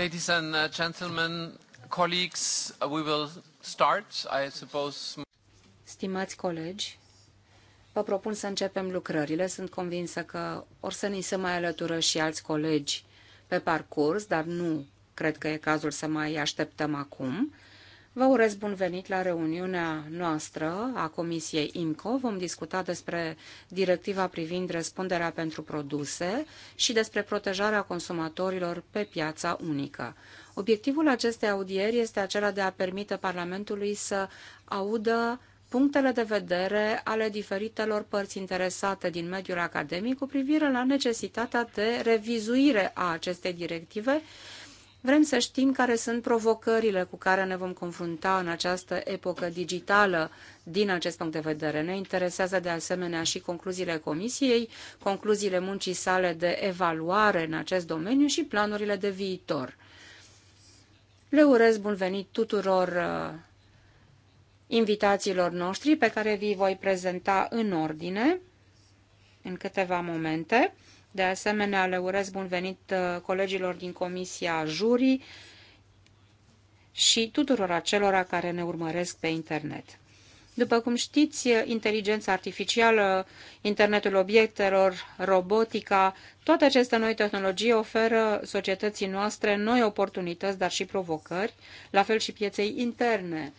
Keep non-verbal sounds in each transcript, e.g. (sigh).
Ladies and uh, gentlemen, colleagues, uh, we will start, I suppose. Stimați colegi, vă propun să începem lucrările. Sunt convinsă că or să ni se mai alătură și alți colegi pe parcurs, dar nu cred că e cazul să mai așteptăm acum. Vă urez bun venit la reuniunea noastră a Comisiei IMCO. Vom discuta despre directiva privind răspunderea pentru produse și despre protejarea consumatorilor pe piața unică. Obiectivul acestei audieri este acela de a permite Parlamentului să audă punctele de vedere ale diferitelor părți interesate din mediul academic cu privire la necesitatea de revizuire a acestei directive Vrem să știm care sunt provocările cu care ne vom confrunta în această epocă digitală din acest punct de vedere. Ne interesează de asemenea și concluziile Comisiei, concluziile muncii sale de evaluare în acest domeniu și planurile de viitor. Le urez bun venit tuturor uh, invitațiilor noștri pe care vi voi prezenta în ordine în câteva momente. De asemenea, le urez bun venit uh, colegilor din Comisia Jurii și tuturor acelora care ne urmăresc pe internet. După cum știți, uh, inteligența artificială, internetul obiectelor, robotica, toate aceste noi tehnologii oferă societății noastre noi oportunități, dar și provocări, la fel și pieței interne,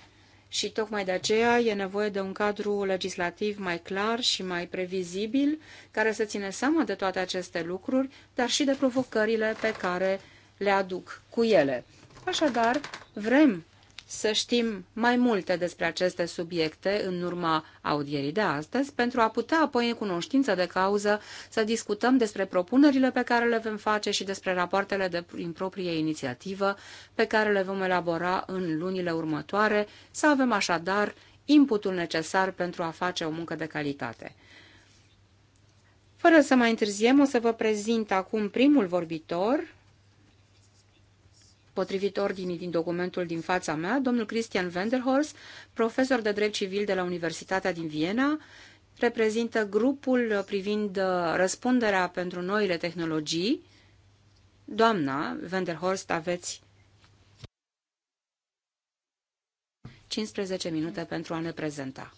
și tocmai de aceea e nevoie de un cadru legislativ mai clar și mai previzibil, care să ține seama de toate aceste lucruri, dar și de provocările pe care le aduc cu ele. Așadar, vrem să știm mai multe despre aceste subiecte în urma audierii de astăzi, pentru a putea apoi în cunoștință de cauză să discutăm despre propunerile pe care le vom face și despre rapoartele de, în proprie inițiativă pe care le vom elabora în lunile următoare, să avem așadar inputul necesar pentru a face o muncă de calitate. Fără să mai întârziem, o să vă prezint acum primul vorbitor, potrivit ordinii din documentul din fața mea, domnul Christian Wenderhorst, profesor de drept civil de la Universitatea din Viena, reprezintă grupul privind uh, răspunderea pentru noile tehnologii. Doamna Wenderhorst, aveți 15 minute pentru a ne prezenta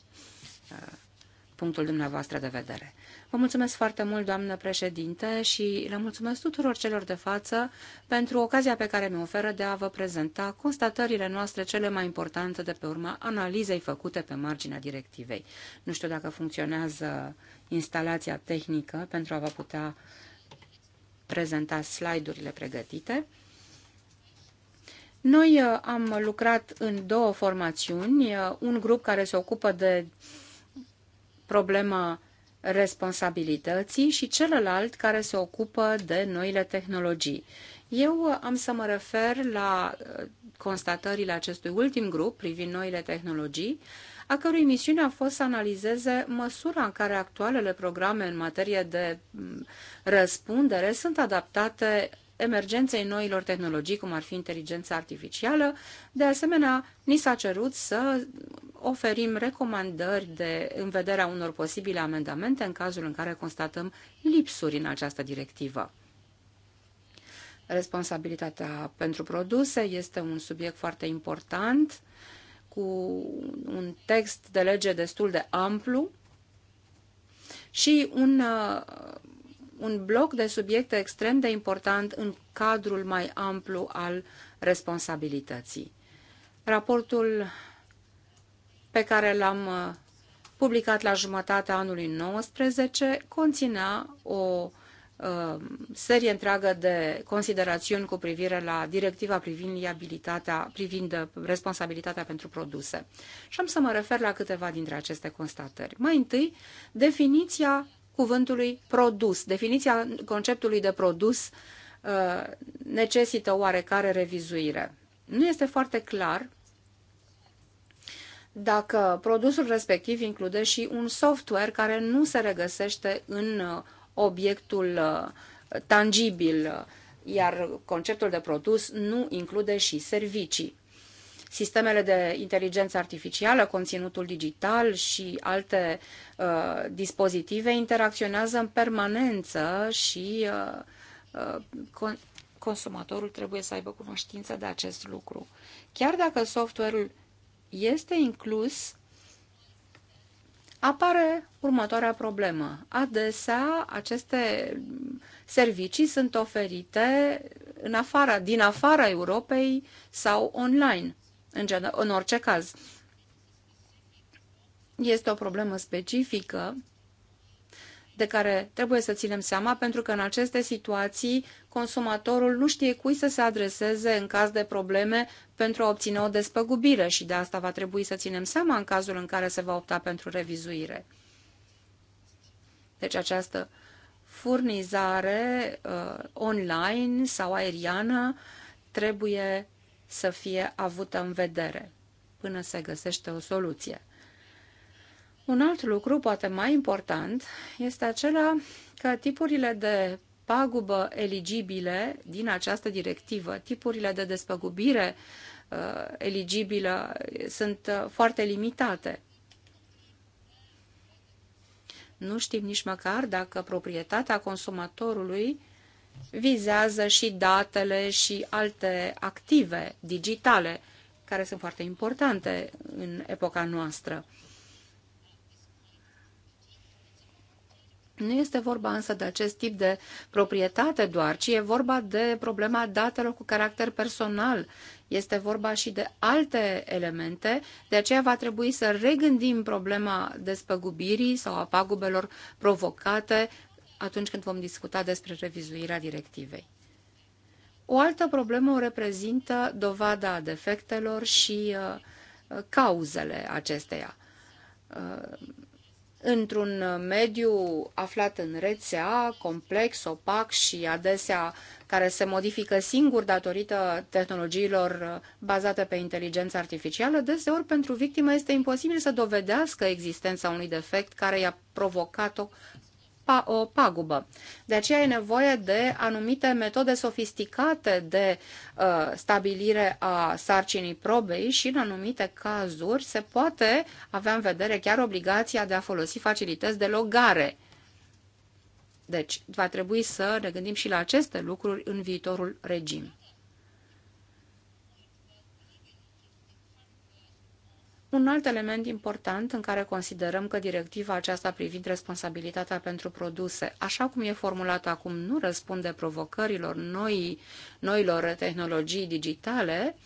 uh, punctul dumneavoastră de vedere. Vă mulțumesc foarte mult, doamnă președinte, și le mulțumesc tuturor celor de față pentru ocazia pe care mi-o oferă de a vă prezenta constatările noastre cele mai importante de pe urma analizei făcute pe marginea directivei. Nu știu dacă funcționează instalația tehnică pentru a vă putea prezenta slide-urile pregătite. Noi uh, am lucrat în două formațiuni, uh, un grup care se ocupă de problema responsabilității și celălalt care se ocupă de noile tehnologii. Eu uh, am să mă refer la uh, constatările acestui ultim grup privind noile tehnologii, a cărui misiune a fost să analizeze măsura în care actualele programe în materie de mm, răspundere sunt adaptate emergenței noilor tehnologii, cum ar fi inteligența artificială. De asemenea, ni s-a cerut să oferim recomandări de, în vederea unor posibile amendamente în cazul în care constatăm lipsuri în această directivă. Responsabilitatea pentru produse este un subiect foarte important, cu un text de lege destul de amplu și un, uh, un bloc de subiecte extrem de important în cadrul mai amplu al responsabilității. Raportul pe care l-am uh, publicat la jumătatea anului 19 conținea o uh, serie întreagă de considerațiuni cu privire la directiva privind liabilitatea, privind uh, responsabilitatea pentru produse. Și am să mă refer la câteva dintre aceste constatări. Mai întâi, definiția cuvântului produs, definiția conceptului de produs necesită oarecare revizuire. Nu este foarte clar dacă produsul respectiv include și un software care nu se regăsește în uh, obiectul uh, tangibil, uh, iar conceptul de produs nu include și servicii. Sistemele de inteligență artificială, conținutul digital și alte uh, dispozitive interacționează în permanență și uh, con consumatorul trebuie să aibă cunoștință de acest lucru. Chiar dacă software-ul este inclus, apare următoarea problemă. Adesea, aceste servicii sunt oferite în afara, din afara Europei sau online, în, în orice caz. Este o problemă specifică de care trebuie să ținem seama pentru că în aceste situații consumatorul nu știe cui să se adreseze în caz de probleme pentru a obține o despăgubire și de asta va trebui să ținem seama în cazul în care se va opta pentru revizuire. Deci această furnizare uh, online sau aeriană trebuie să fie avută în vedere până se găsește o soluție. Un alt lucru, poate mai important, este acela că tipurile de pagubă eligibile din această directivă, tipurile de despăgubire uh, eligibilă sunt uh, foarte limitate. Nu știm nici măcar dacă proprietatea consumatorului vizează și datele și alte active digitale, care sunt foarte importante în epoca noastră. Nu este vorba însă de acest tip de proprietate doar, ci e vorba de problema datelor cu caracter personal. Este vorba și de alte elemente, de aceea va trebui să regândim problema despăgubirii sau a pagubelor provocate atunci când vom discuta despre revizuirea directivei. O altă problemă o reprezintă dovada defectelor și uh, cauzele acesteia. Uh, într-un mediu aflat în rețea, complex, opac și adesea care se modifică singur datorită tehnologiilor bazate pe inteligență artificială, deseori pentru victimă este imposibil să dovedească existența unui defect care i-a provocat o pa o pagubă. De aceea e nevoie de anumite metode sofisticate de uh, stabilire a sarcinii probei și în anumite cazuri se poate avea în vedere chiar obligația de a folosi facilități de logare. Deci va trebui să ne gândim și la aceste lucruri în viitorul regim. Un alt element important în care considerăm că directiva aceasta privind responsabilitatea pentru produse, așa cum e formulată acum, nu răspunde provocărilor noi, noilor tehnologii digitale, uh,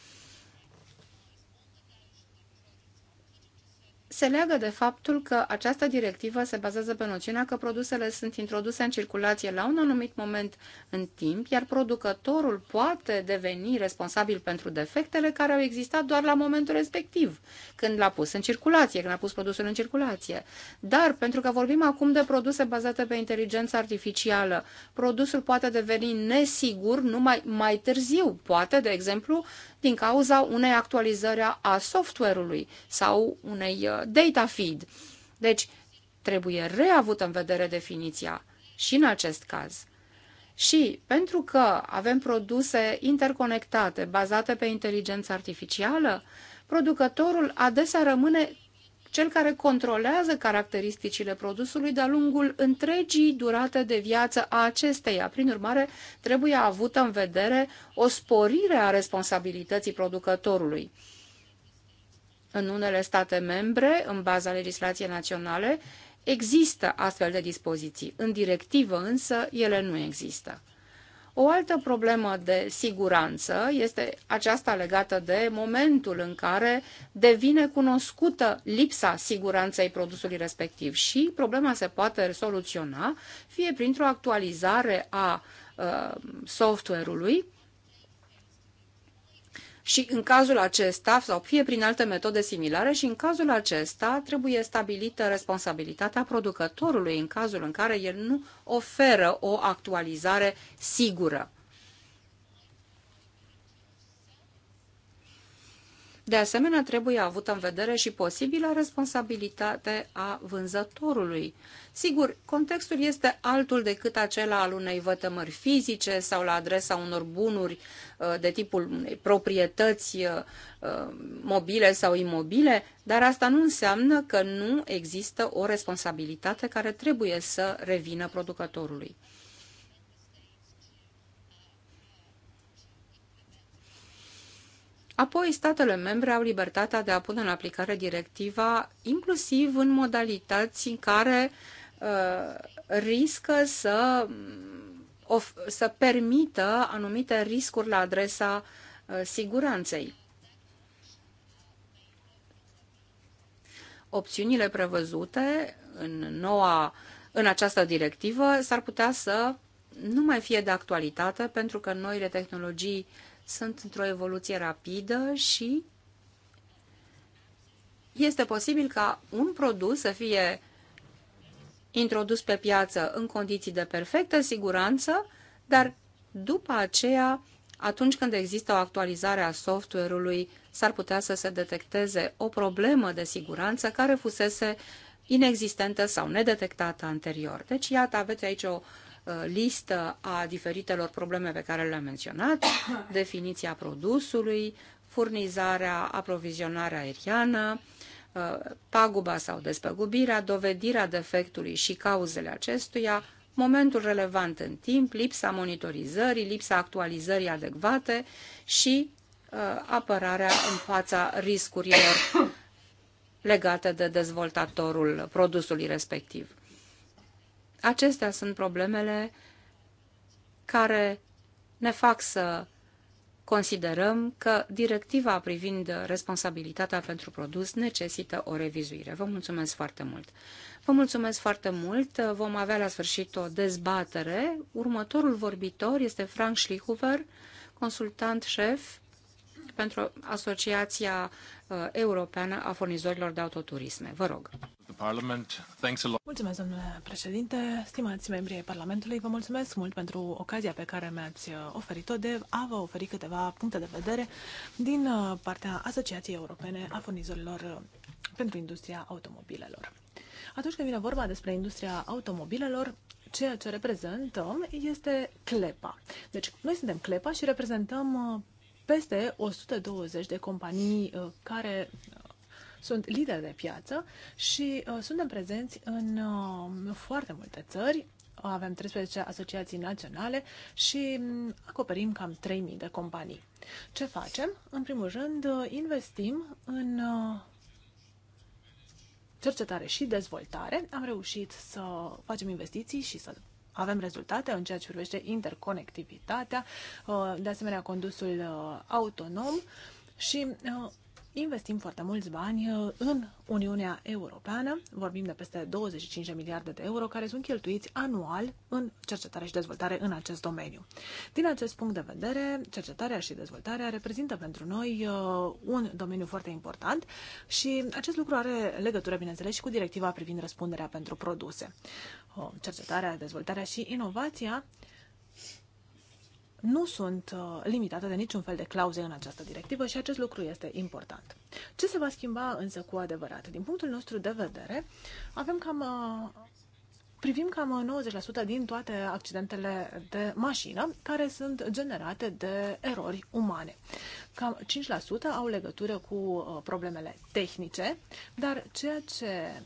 se leagă de faptul că această directivă se bazează pe noțiunea că produsele sunt introduse în circulație la un anumit moment în timp, iar producătorul poate deveni responsabil pentru defectele care au existat doar la momentul respectiv, când l-a pus în circulație, când a pus produsul în circulație. Dar, pentru că vorbim acum de produse bazate pe inteligență artificială, produsul poate deveni nesigur numai mai târziu. Poate, de exemplu, din cauza unei actualizări a software-ului sau unei uh, data feed. Deci, trebuie reavută în vedere definiția și în acest caz. Și pentru că avem produse interconectate, bazate pe inteligență artificială, producătorul adesea rămâne cel care controlează caracteristicile produsului de-a lungul întregii durate de viață a acesteia. Prin urmare, trebuie avută în vedere o sporire a responsabilității producătorului. În unele state membre, în baza legislației naționale, există astfel de dispoziții. În directivă însă, ele nu există. O altă problemă de siguranță este aceasta legată de momentul în care devine cunoscută lipsa siguranței produsului respectiv și problema se poate soluționa fie printr-o actualizare a uh, software-ului, și în cazul acesta, sau fie prin alte metode similare, și în cazul acesta trebuie stabilită responsabilitatea producătorului în cazul în care el nu oferă o actualizare sigură. De asemenea, trebuie avută în vedere și posibilă responsabilitate a vânzătorului. Sigur, contextul este altul decât acela al unei vătămări fizice sau la adresa unor bunuri uh, de tipul unei proprietăți uh, uh, mobile sau imobile, dar asta nu înseamnă că nu există o responsabilitate care trebuie să revină producătorului. Apoi, statele membre au libertatea de a pune în aplicare directiva, inclusiv în modalități în care uh, riscă să, mm, of, să permită anumite riscuri la adresa uh, siguranței. Opțiunile prevăzute în, noua, în această directivă s-ar putea să nu mai fie de actualitate pentru că noile tehnologii uh, sunt într-o evoluție rapidă și este posibil ca un produs să fie introdus pe piață în condiții de perfectă siguranță, dar după aceea, atunci când există o actualizare a software-ului, s-ar putea să se detecteze o problemă de siguranță care fusese inexistentă sau nedetectată anterior. Deci, iată, aveți aici o Uh, listă a diferitelor probleme pe care le-am menționat, (coughs) definiția produsului, furnizarea, aprovizionarea aeriană, uh, paguba sau despăgubirea, dovedirea defectului și cauzele acestuia, momentul relevant în timp, lipsa monitorizării, lipsa actualizării adecvate și uh, apărarea în fața riscurilor (coughs) legate de dezvoltatorul produsului respectiv. Acestea sunt problemele care ne fac să considerăm că directiva privind responsabilitatea pentru produs necesită o revizuire. Vă mulțumesc foarte mult! Vă mulțumesc foarte mult! Vom avea la sfârșit o dezbatere. Următorul vorbitor este Frank Schlichuver, consultant șef pentru Asociația uh, Europeană a Furnizorilor de Autoturisme. Vă rog! Mulțumesc, domnule președinte, stimați membri ai Parlamentului, vă mulțumesc mult pentru ocazia pe care mi-ați uh, oferit-o de a vă oferi câteva puncte de vedere din uh, partea Asociației Europene a Furnizorilor uh, pentru Industria Automobilelor. Atunci când vine vorba despre industria automobilelor, ceea ce reprezentăm este CLEPA. Deci, noi suntem CLEPA și reprezentăm peste 120 de companii care sunt lideri de piață și uh, suntem prezenți în uh, foarte multe țări. Avem 13 asociații naționale și mm, acoperim cam 3.000 de companii. Ce facem? În primul rând, uh, investim în uh, cercetare și dezvoltare. Am reușit să facem investiții și să avem rezultate în ceea ce privește interconectivitatea, uh, de asemenea condusul autonom și investim foarte mulți bani uh, în Uniunea Europeană, vorbim de peste 25 de miliarde de euro care sunt cheltuiți anual în cercetare și dezvoltare în acest domeniu. Din acest punct de vedere, cercetarea și dezvoltarea reprezintă pentru noi uh, un domeniu foarte important și acest lucru are legătură, bineînțeles, și cu directiva privind răspunderea pentru produse. Uh, cercetarea, dezvoltarea și inovația nu sunt uh, limitate de niciun fel de clauze în această directivă și acest lucru este important. Ce se va schimba însă cu adevărat? Din punctul nostru de vedere, avem cam uh, privim cam 90% uh, din toate accidentele de mașină care sunt generate de erori umane. Cam 5% au legătură cu problemele tehnice, dar ceea ce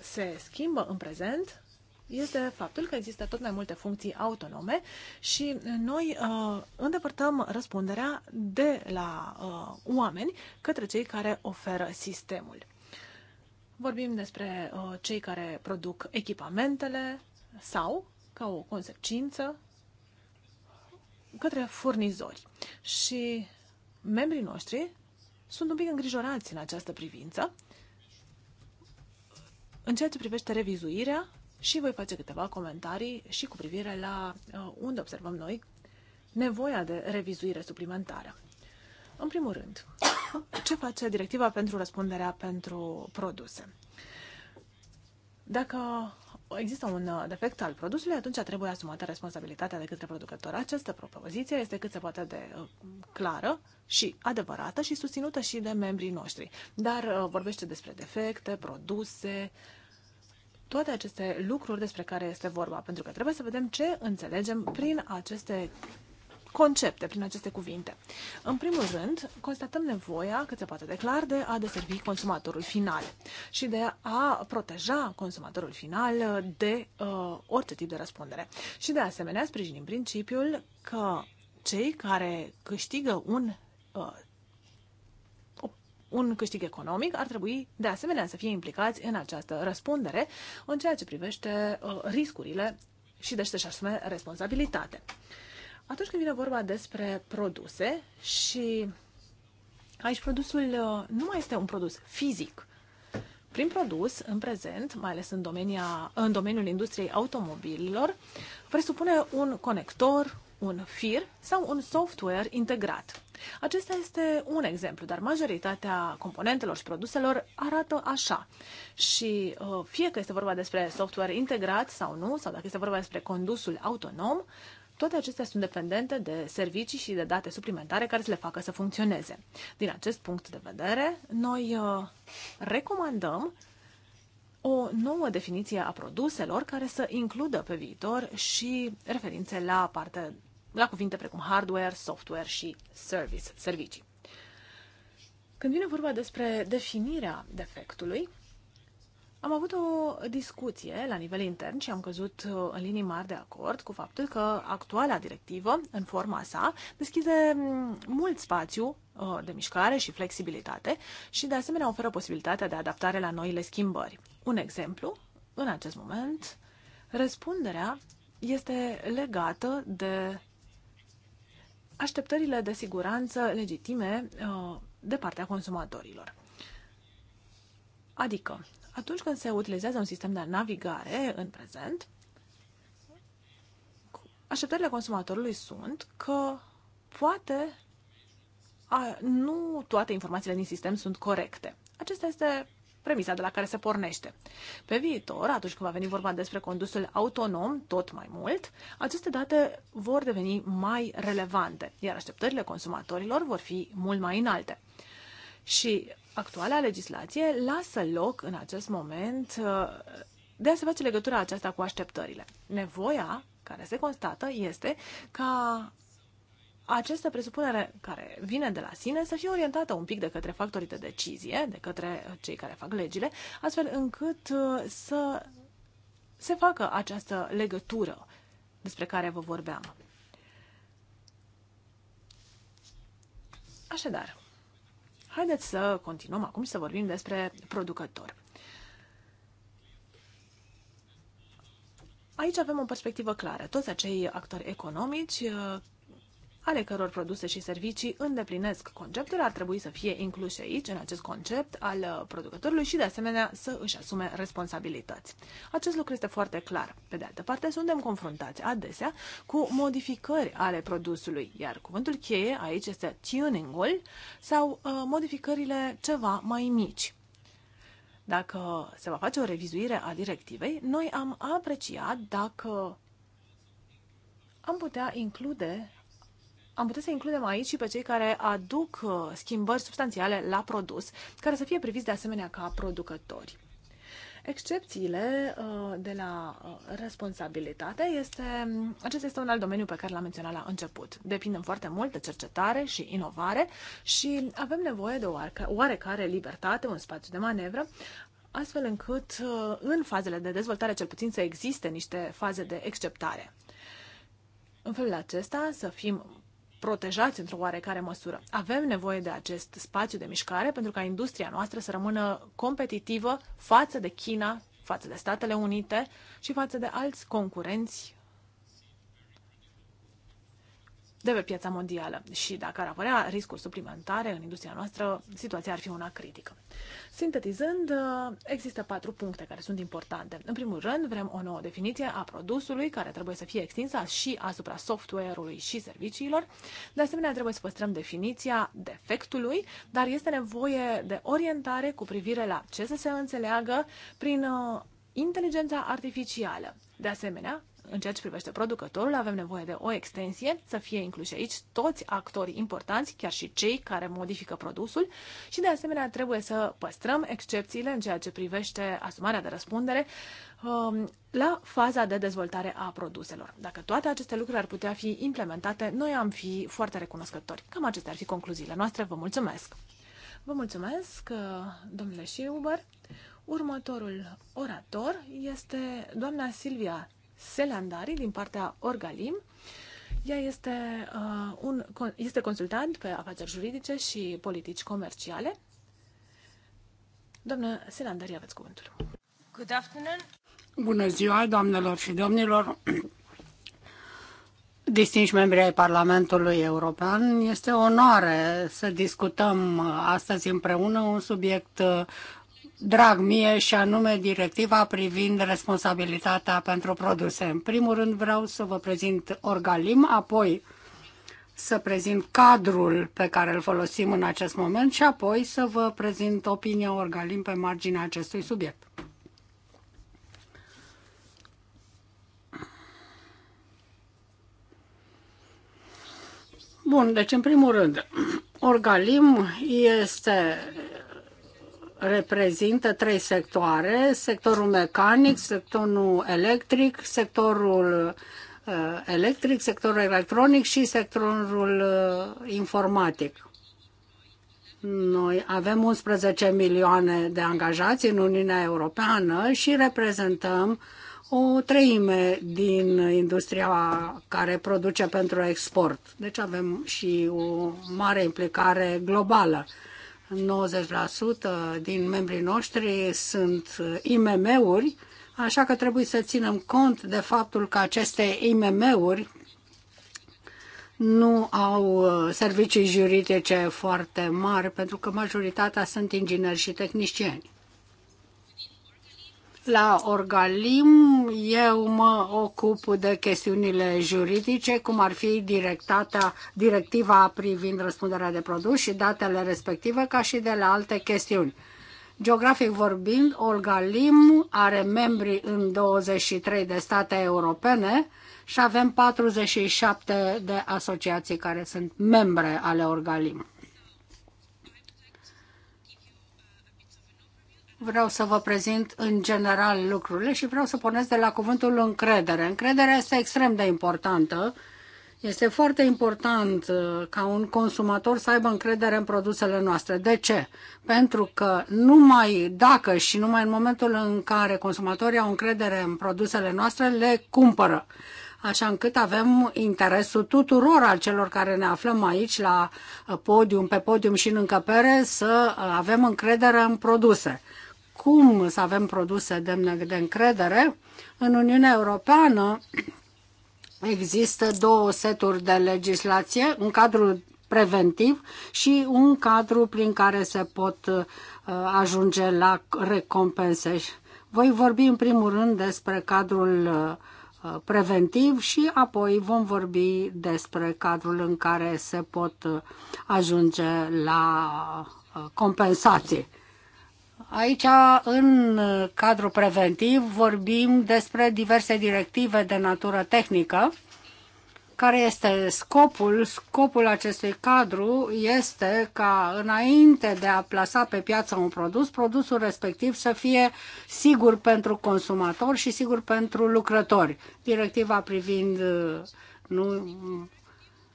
se schimbă în prezent este faptul că există tot mai multe funcții autonome și noi uh, îndepărtăm răspunderea de la uh, oameni către cei care oferă sistemul. Vorbim despre uh, cei care produc echipamentele sau, ca o consecință, către furnizori. Și membrii noștri sunt un pic îngrijorați în această privință. În ceea ce privește revizuirea, și voi face câteva comentarii și cu privire la uh, unde observăm noi nevoia de revizuire suplimentară. În primul rând, (coughs) ce face directiva pentru răspunderea pentru produse? Dacă există un uh, defect al produsului, atunci trebuie asumată responsabilitatea de către producător. Această propoziție este cât se poate de uh, clară și adevărată și susținută și de membrii noștri. Dar vorbește despre defecte, produse, uh, toate aceste lucruri despre care este vorba, pentru că trebuie să vedem ce înțelegem prin aceste concepte, prin aceste cuvinte. În primul rând, constatăm nevoia, cât se poate declar, de a deservi consumatorul final și de a proteja consumatorul final de uh, orice tip de răspundere. Și de asemenea, sprijinim principiul că cei care câștigă un uh, un câștig economic, ar trebui de asemenea să fie implicați în această răspundere în ceea ce privește uh, riscurile și deci să-și asume responsabilitate. Atunci când vine vorba despre produse și aici produsul uh, nu mai este un produs fizic. Prin produs, în prezent, mai ales în, domenia, în domeniul industriei automobililor, presupune un conector, un fir sau un software integrat. Acesta este un exemplu, dar majoritatea componentelor și produselor arată așa. Și uh, fie că este vorba despre software integrat sau nu, sau dacă este vorba despre condusul autonom, toate acestea sunt dependente de servicii și de date suplimentare care să le facă să funcționeze. Din acest punct de vedere, noi uh, recomandăm o nouă definiție a produselor care să includă pe viitor și referințe la partea la cuvinte precum hardware, software și service, servicii. Când vine vorba despre definirea defectului, am avut o discuție la nivel intern și am căzut uh, în linii mari de acord cu faptul că actuala directivă, în forma sa, deschide mm, mult spațiu uh, de mișcare și flexibilitate și, de asemenea, oferă posibilitatea de adaptare la noile schimbări. Un exemplu, în acest moment, răspunderea este legată de așteptările de siguranță legitime uh, de partea consumatorilor. Adică, atunci când se utilizează un sistem de navigare în prezent, așteptările consumatorului sunt că poate a, nu toate informațiile din sistem sunt corecte. Acesta este premisa de la care se pornește. Pe viitor, atunci când va veni vorba despre condusul autonom, tot mai mult, aceste date vor deveni mai relevante, iar așteptările consumatorilor vor fi mult mai înalte. Și actuala legislație lasă loc în acest moment de a se face legătura aceasta cu așteptările. Nevoia care se constată este ca această presupunere care vine de la sine să fie orientată un pic de către factorii de decizie, de către uh, cei care fac legile, astfel încât uh, să se facă această legătură despre care vă vorbeam. Așadar, haideți să continuăm acum și să vorbim despre producător. Aici avem o perspectivă clară. Toți acei actori economici uh, ale căror produse și servicii îndeplinesc conceptul, ar trebui să fie incluse aici, în acest concept al uh, producătorului și, de asemenea, să își asume responsabilități. Acest lucru este foarte clar. Pe de altă parte, suntem confruntați adesea cu modificări ale produsului, iar cuvântul cheie aici este tuning-ul sau uh, modificările ceva mai mici. Dacă se va face o revizuire a directivei, noi am apreciat dacă am putea include am putea să includem aici și pe cei care aduc uh, schimbări substanțiale la produs, care să fie priviți de asemenea ca producători. Excepțiile uh, de la uh, responsabilitate este, acesta este un alt domeniu pe care l-am menționat la început. Depindem foarte mult de cercetare și inovare și avem nevoie de oarecare libertate, un spațiu de manevră, astfel încât în fazele de dezvoltare cel puțin să existe niște faze de exceptare. În felul acesta să fim protejați într-o oarecare măsură. Avem nevoie de acest spațiu de mișcare pentru ca industria noastră să rămână competitivă față de China, față de Statele Unite și față de alți concurenți de pe piața mondială și dacă ar apărea riscuri suplimentare în industria noastră, situația ar fi una critică. Sintetizând, există patru puncte care sunt importante. În primul rând, vrem o nouă definiție a produsului care trebuie să fie extinsă și asupra software-ului și serviciilor. De asemenea, trebuie să păstrăm definiția defectului, dar este nevoie de orientare cu privire la ce să se înțeleagă prin uh, inteligența artificială. De asemenea, în ceea ce privește producătorul, avem nevoie de o extensie, să fie incluși aici toți actorii importanți, chiar și cei care modifică produsul și de asemenea trebuie să păstrăm excepțiile în ceea ce privește asumarea de răspundere um, la faza de dezvoltare a produselor. Dacă toate aceste lucruri ar putea fi implementate, noi am fi foarte recunoscători. Cam acestea ar fi concluziile noastre. Vă mulțumesc! Vă mulțumesc, uh, domnule Schiuber. Următorul orator este doamna Silvia Selandari din partea Orgalim. Ea este, uh, un, este consultant pe afaceri juridice și politici comerciale. Doamnă Selandari, aveți cuvântul. Good afternoon. Bună ziua, doamnelor și domnilor distinși membri ai Parlamentului European. Este o onoare să discutăm uh, astăzi împreună un subiect uh, drag mie și anume directiva privind responsabilitatea pentru produse. În primul rând vreau să vă prezint Orgalim, apoi să prezint cadrul pe care îl folosim în acest moment și apoi să vă prezint opinia Orgalim pe marginea acestui subiect. Bun, deci în primul rând, Orgalim este reprezintă trei sectoare, sectorul mecanic, sectorul electric, sectorul uh, electric, sectorul electronic și sectorul uh, informatic. Noi avem 11 milioane de angajați în Uniunea Europeană și reprezentăm o treime din industria care produce pentru export. Deci avem și o mare implicare globală. 90% din membrii noștri sunt IMM-uri, așa că trebuie să ținem cont de faptul că aceste IMM-uri nu au uh, servicii juridice foarte mari, pentru că majoritatea sunt ingineri și tehnicieni. La Orgalim eu mă ocup de chestiunile juridice, cum ar fi directata, directiva privind răspunderea de produs și datele respective, ca și de la alte chestiuni. Geografic vorbind, Orgalim are membri în 23 de state europene și avem 47 de asociații care sunt membre ale Orgalim. Vreau să vă prezint în general lucrurile și vreau să pornesc de la cuvântul încredere. Încrederea este extrem de importantă. Este foarte important uh, ca un consumator să aibă încredere în produsele noastre. De ce? Pentru că numai dacă și numai în momentul în care consumatorii au încredere în produsele noastre, le cumpără. Așa încât avem interesul tuturor al celor care ne aflăm aici la uh, podium, pe podium și în încăpere să uh, avem încredere în produse cum să avem produse demne de încredere. În Uniunea Europeană există două seturi de legislație, un cadru preventiv și un cadru prin care se pot uh, ajunge la recompense. Voi vorbi în primul rând despre cadrul uh, preventiv și apoi vom vorbi despre cadrul în care se pot uh, ajunge la compensații. Aici, în cadrul preventiv, vorbim despre diverse directive de natură tehnică. Care este scopul? Scopul acestui cadru este ca, înainte de a plasa pe piață un produs, produsul respectiv să fie sigur pentru consumator și sigur pentru lucrători. Directiva privind nu,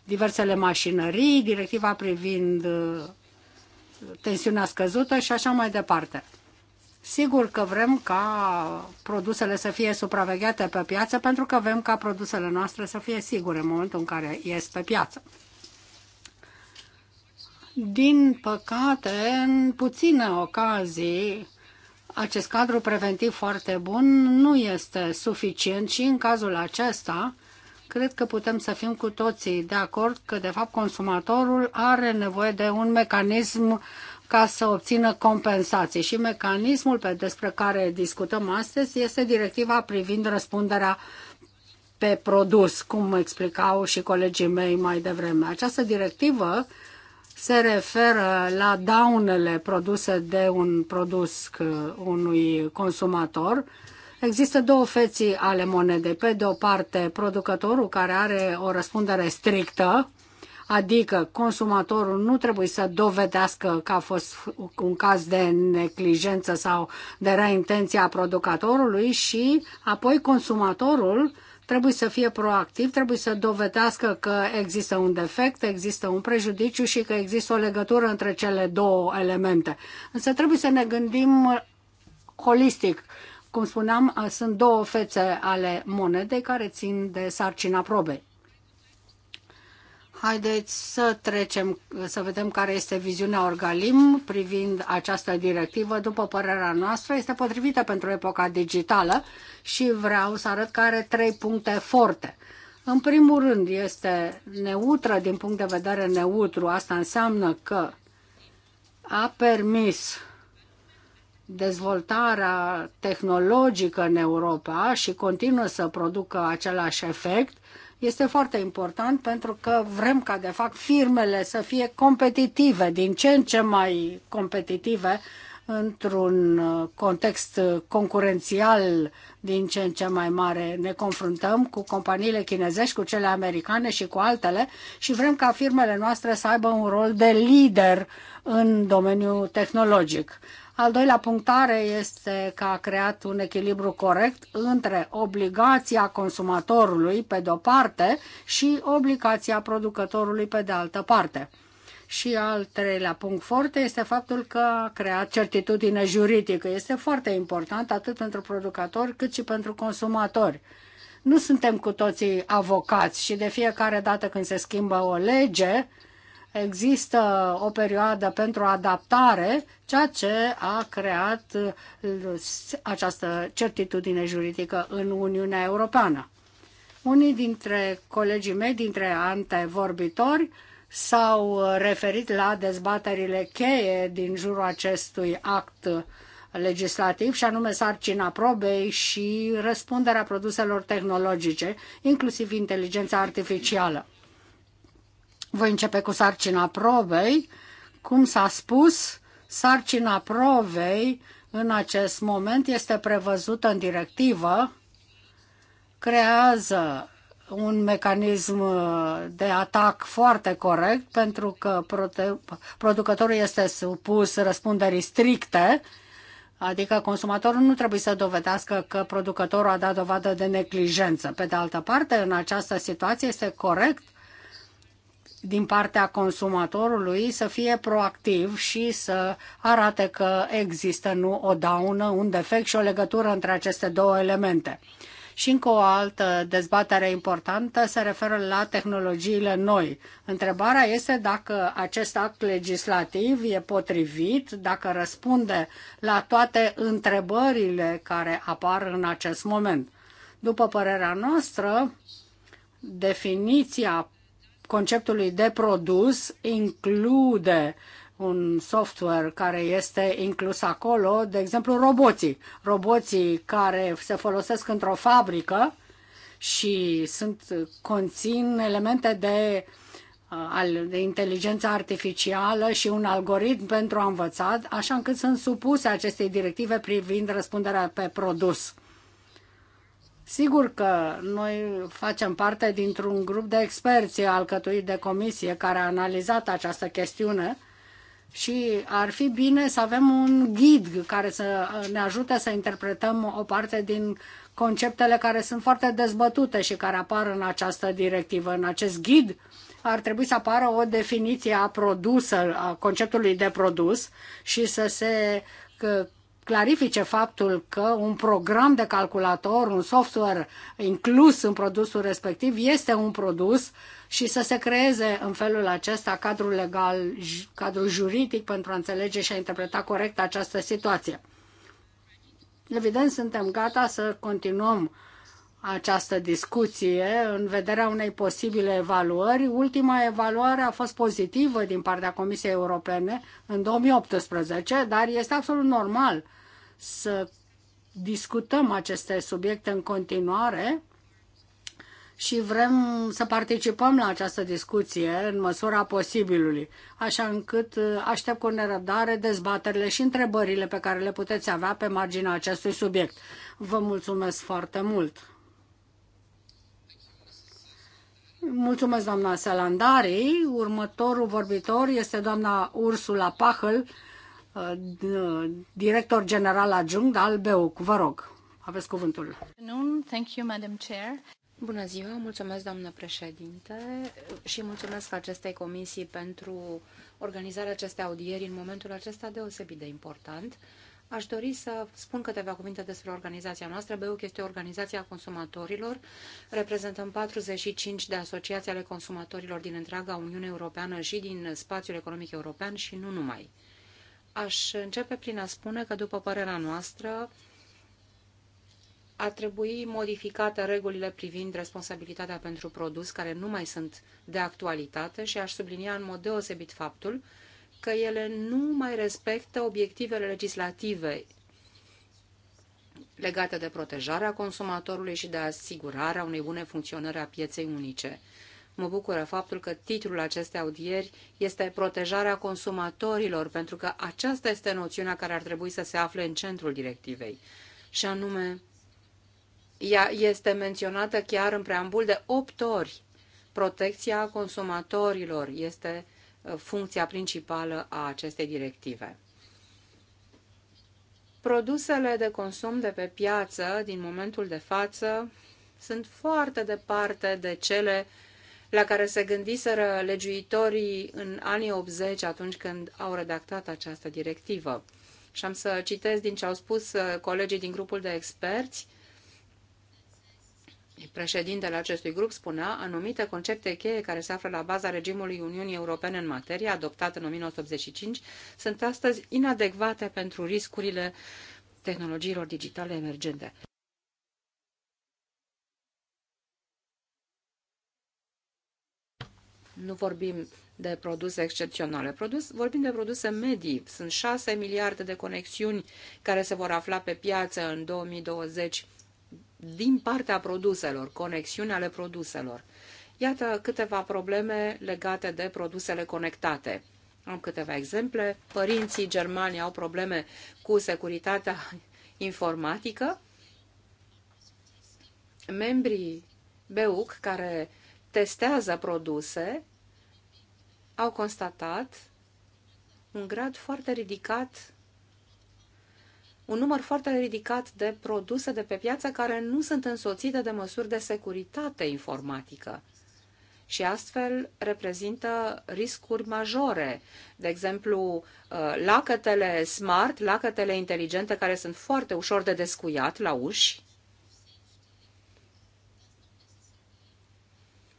diversele mașinării, directiva privind tensiunea scăzută și așa mai departe. Sigur că vrem ca produsele să fie supravegheate pe piață pentru că vrem ca produsele noastre să fie sigure în momentul în care ies pe piață. Din păcate, în puține ocazii, acest cadru preventiv foarte bun nu este suficient și în cazul acesta Cred că putem să fim cu toții de acord că, de fapt, consumatorul are nevoie de un mecanism ca să obțină compensații. Și mecanismul pe despre care discutăm astăzi este directiva privind răspunderea pe produs, cum explicau și colegii mei mai devreme. Această directivă se referă la daunele produse de un produs uh, unui consumator, Există două feții ale monedei. Pe de o parte, producătorul care are o răspundere strictă, adică consumatorul nu trebuie să dovedească că a fost un caz de neglijență sau de rea intenție a producătorului și apoi consumatorul trebuie să fie proactiv, trebuie să dovedească că există un defect, există un prejudiciu și că există o legătură între cele două elemente. Însă trebuie să ne gândim holistic cum spuneam, sunt două fețe ale monedei care țin de sarcina probei. Haideți să trecem, să vedem care este viziunea Orgalim privind această directivă. După părerea noastră, este potrivită pentru epoca digitală și vreau să arăt că are trei puncte forte. În primul rând, este neutră din punct de vedere neutru. Asta înseamnă că a permis dezvoltarea tehnologică în Europa și continuă să producă același efect, este foarte important pentru că vrem ca, de fapt, firmele să fie competitive, din ce în ce mai competitive, într-un context concurențial din ce în ce mai mare. Ne confruntăm cu companiile chinezești, cu cele americane și cu altele și vrem ca firmele noastre să aibă un rol de lider în domeniul tehnologic. Al doilea punctare este că a creat un echilibru corect între obligația consumatorului pe de-o parte și obligația producătorului pe de altă parte. Și al treilea punct foarte este faptul că a creat certitudine juridică. Este foarte important atât pentru producători cât și pentru consumatori. Nu suntem cu toții avocați și de fiecare dată când se schimbă o lege, există o perioadă pentru adaptare, ceea ce a creat uh, această certitudine juridică în Uniunea Europeană. Unii dintre colegii mei, dintre antevorbitori, s-au uh, referit la dezbaterile cheie din jurul acestui act legislativ, și anume sarcina probei și răspunderea produselor tehnologice, inclusiv inteligența artificială. Voi începe cu sarcina probei. Cum s-a spus, sarcina probei în acest moment este prevăzută în directivă, creează un mecanism de atac foarte corect pentru că producătorul este supus răspunderii stricte, adică consumatorul nu trebuie să dovedească că producătorul a dat dovadă de neglijență. Pe de altă parte, în această situație este corect din partea consumatorului să fie proactiv și să arate că există nu o daună, un defect și o legătură între aceste două elemente. Și încă o altă dezbatere importantă se referă la tehnologiile noi. Întrebarea este dacă acest act legislativ e potrivit, dacă răspunde la toate întrebările care apar în acest moment. După părerea noastră, definiția conceptului de produs include un software care este inclus acolo, de exemplu roboții. Roboții care se folosesc într-o fabrică și sunt, conțin elemente de, uh, de inteligență artificială și un algoritm pentru a învăța, așa încât sunt supuse acestei directive privind răspunderea pe produs. Sigur că noi facem parte dintr-un grup de experți alcătuit de comisie care a analizat această chestiune și ar fi bine să avem un ghid care să uh, ne ajute să interpretăm o parte din conceptele care sunt foarte dezbătute și care apar în această directivă. În acest ghid ar trebui să apară o definiție a produsă, a conceptului de produs și să se clarifice faptul că un program de calculator, un software inclus în produsul respectiv este un produs și să se creeze în felul acesta cadrul legal, cadrul juridic pentru a înțelege și a interpreta corect această situație. Evident, suntem gata să continuăm această discuție în vederea unei posibile evaluări. Ultima evaluare a fost pozitivă din partea Comisiei Europene în 2018, dar este absolut normal să discutăm aceste subiecte în continuare și vrem să participăm la această discuție în măsura posibilului, așa încât uh, aștept cu nerăbdare dezbaterile și întrebările pe care le puteți avea pe marginea acestui subiect. Vă mulțumesc foarte mult! Mulțumesc, doamna Salandari. Următorul vorbitor este doamna Ursula Pachel, director general adjunct al BEUC. Vă rog, aveți cuvântul. Thank you, Madam Chair. Bună ziua, mulțumesc doamnă președinte și mulțumesc acestei comisii pentru organizarea acestei audieri în momentul acesta deosebit de important. Aș dori să spun câteva cuvinte despre organizația noastră. BEUC este o organizație a consumatorilor. Reprezentăm 45 de asociații ale consumatorilor din întreaga Uniune Europeană și din spațiul economic european și nu numai. Aș începe prin a spune că, după părerea noastră, ar trebui modificate regulile privind responsabilitatea pentru produs, care nu mai sunt de actualitate și aș sublinia în mod deosebit faptul că ele nu mai respectă obiectivele legislative legate de protejarea consumatorului și de asigurarea unei bune funcționări a pieței unice. Mă bucură faptul că titlul acestei audieri este Protejarea consumatorilor, pentru că aceasta este noțiunea care ar trebui să se afle în centrul directivei. Și anume, ea este menționată chiar în preambul de opt ori. Protecția consumatorilor este funcția principală a acestei directive. Produsele de consum de pe piață din momentul de față sunt foarte departe de cele la care se gândiseră legiuitorii în anii 80 atunci când au redactat această directivă. Și am să citesc din ce au spus uh, colegii din grupul de experți, Președintele acestui grup spunea anumite concepte cheie care se află la baza regimului Uniunii Europene în materie, adoptat în 1985, sunt astăzi inadecvate pentru riscurile tehnologiilor digitale emergente. Nu vorbim de produse excepționale. Produs, vorbim de produse medii. Sunt 6 miliarde de conexiuni care se vor afla pe piață în 2020 din partea produselor, conexiuni ale produselor. Iată câteva probleme legate de produsele conectate. Am câteva exemple. Părinții germani au probleme cu securitatea informatică. Membrii BEUC care testează produse au constatat un grad foarte ridicat un număr foarte ridicat de produse de pe piață care nu sunt însoțite de măsuri de securitate informatică și astfel reprezintă riscuri majore. De exemplu, uh, lacătele smart, lacătele inteligente care sunt foarte ușor de descuiat la uși,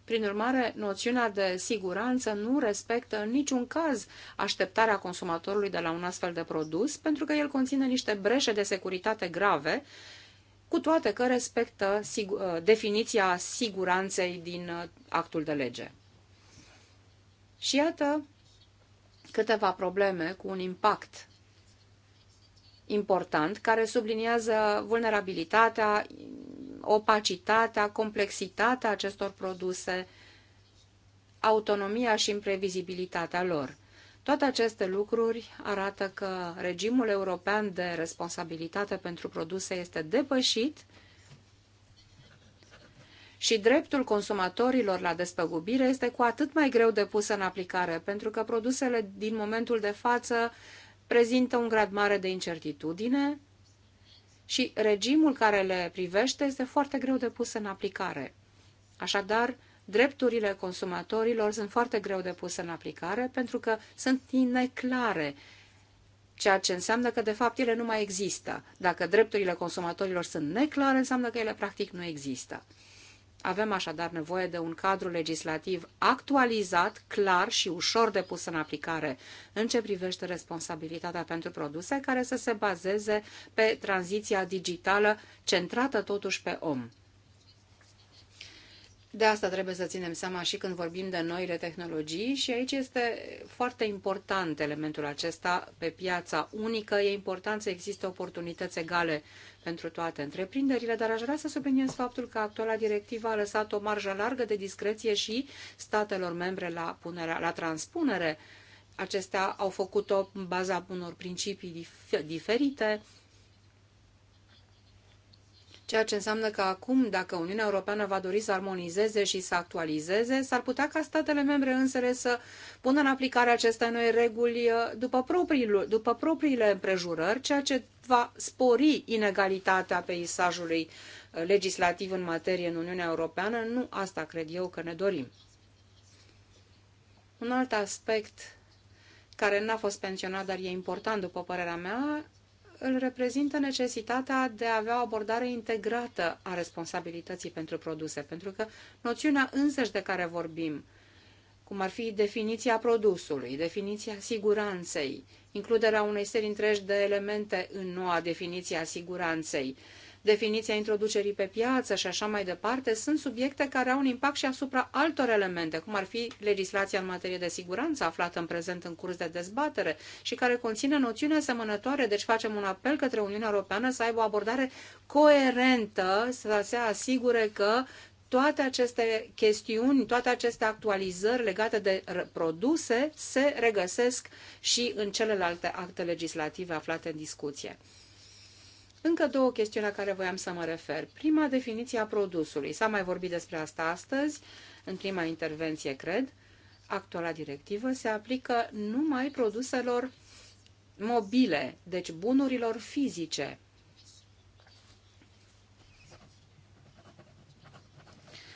Prin urmare, noțiunea de siguranță nu respectă în niciun caz așteptarea consumatorului de la un astfel de produs, pentru că el conține niște breșe de securitate grave, cu toate că respectă uh, definiția siguranței din uh, actul de lege. Și iată câteva probleme cu un impact important care subliniază vulnerabilitatea, opacitatea, complexitatea acestor produse, autonomia și imprevizibilitatea lor. Toate aceste lucruri arată că regimul european de responsabilitate pentru produse este depășit și dreptul consumatorilor la despăgubire este cu atât mai greu de pus în aplicare, pentru că produsele din momentul de față prezintă un grad mare de incertitudine, și regimul care le privește este foarte greu de pus în aplicare. Așadar, drepturile consumatorilor sunt foarte greu de pus în aplicare pentru că sunt ineclare, ceea ce înseamnă că, de fapt, ele nu mai există. Dacă drepturile consumatorilor sunt neclare, înseamnă că ele, practic, nu există. Avem așadar nevoie de un cadru legislativ actualizat, clar și ușor de pus în aplicare în ce privește responsabilitatea pentru produse, care să se bazeze pe tranziția digitală centrată totuși pe om. De asta trebuie să ținem seama și când vorbim de noile tehnologii și aici este foarte important elementul acesta pe piața unică. E important să existe oportunități egale pentru toate întreprinderile, dar aș vrea să subliniez faptul că actuala directivă a lăsat o marjă largă de discreție și statelor membre la, punerea, la transpunere. Acestea au făcut-o în baza unor principii diferite ceea ce înseamnă că acum, dacă Uniunea Europeană va dori să armonizeze și să actualizeze, s-ar putea ca statele membre însele să pună în aplicare aceste noi reguli uh, după, propriile, după propriile împrejurări, ceea ce va spori inegalitatea peisajului uh, legislativ în materie în Uniunea Europeană. Nu asta cred eu că ne dorim. Un alt aspect care n-a fost pensionat, dar e important după părerea mea, îl reprezintă necesitatea de a avea o abordare integrată a responsabilității pentru produse, pentru că noțiunea însăși de care vorbim, cum ar fi definiția produsului, definiția siguranței, includerea unei serii întregi de elemente în noua definiție a siguranței, uh, definiția introducerii pe piață și așa mai departe, sunt subiecte care au un impact și asupra altor elemente, cum ar fi legislația în materie de siguranță aflată în prezent în curs de dezbatere și care conține noțiuni asemănătoare, deci facem un apel către Uniunea Europeană să aibă o abordare coerentă, să se asigure că toate aceste chestiuni, toate aceste actualizări legate de produse se regăsesc și în celelalte acte legislative aflate în discuție. Încă două chestiuni la care voiam să mă refer. Prima, definiția produsului. S-a mai vorbit despre asta astăzi, în prima intervenție, cred. Actuala directivă se aplică numai produselor mobile, deci bunurilor fizice.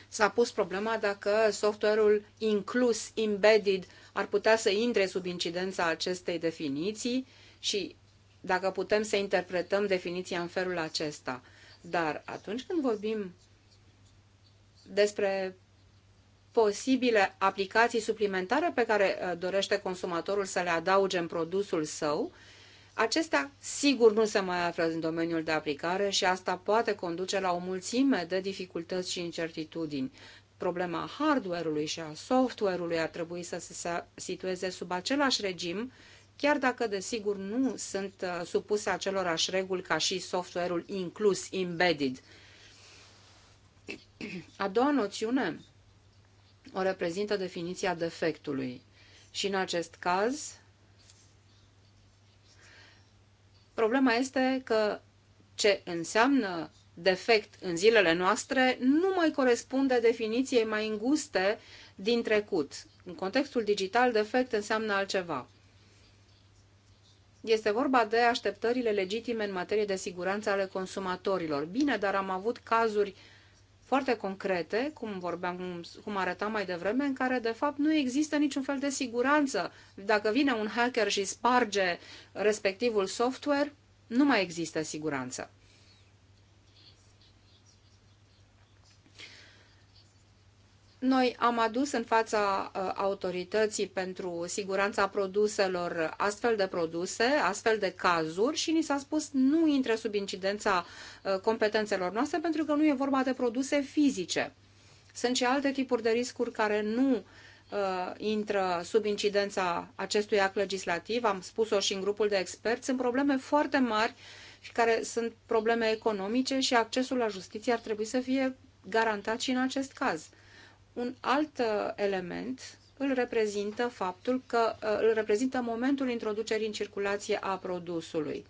S-a pus problema dacă software-ul inclus, embedded, ar putea să intre sub incidența acestei definiții și dacă putem să interpretăm definiția în felul acesta. Dar atunci când vorbim despre posibile aplicații suplimentare pe care uh, dorește consumatorul să le adauge în produsul său, acestea sigur nu se mai află în domeniul de aplicare și asta poate conduce la o mulțime de dificultăți și incertitudini. Problema hardware-ului și a software-ului ar trebui să se situeze sub același regim chiar dacă, desigur, nu sunt uh, supuse acelorași reguli ca și software-ul inclus, embedded. A doua noțiune o reprezintă definiția defectului și, în acest caz, problema este că ce înseamnă defect în zilele noastre nu mai corespunde definiției mai înguste din trecut. În contextul digital, defect înseamnă altceva. Este vorba de așteptările legitime în materie de siguranță ale consumatorilor. Bine, dar am avut cazuri foarte concrete, cum vorbeam, cum arătam mai devreme, în care de fapt nu există niciun fel de siguranță. Dacă vine un hacker și sparge respectivul software, nu mai există siguranță. Noi am adus în fața uh, autorității pentru siguranța produselor astfel de produse, astfel de cazuri și ni s-a spus nu intră sub incidența uh, competențelor noastre pentru că nu e vorba de produse fizice. Sunt și alte tipuri de riscuri care nu uh, intră sub incidența acestui act legislativ, am spus-o și în grupul de experți, sunt probleme foarte mari și care sunt probleme economice și accesul la justiție ar trebui să fie garantat și în acest caz. Un alt uh, element îl reprezintă faptul că uh, îl reprezintă momentul introducerii în circulație a produsului.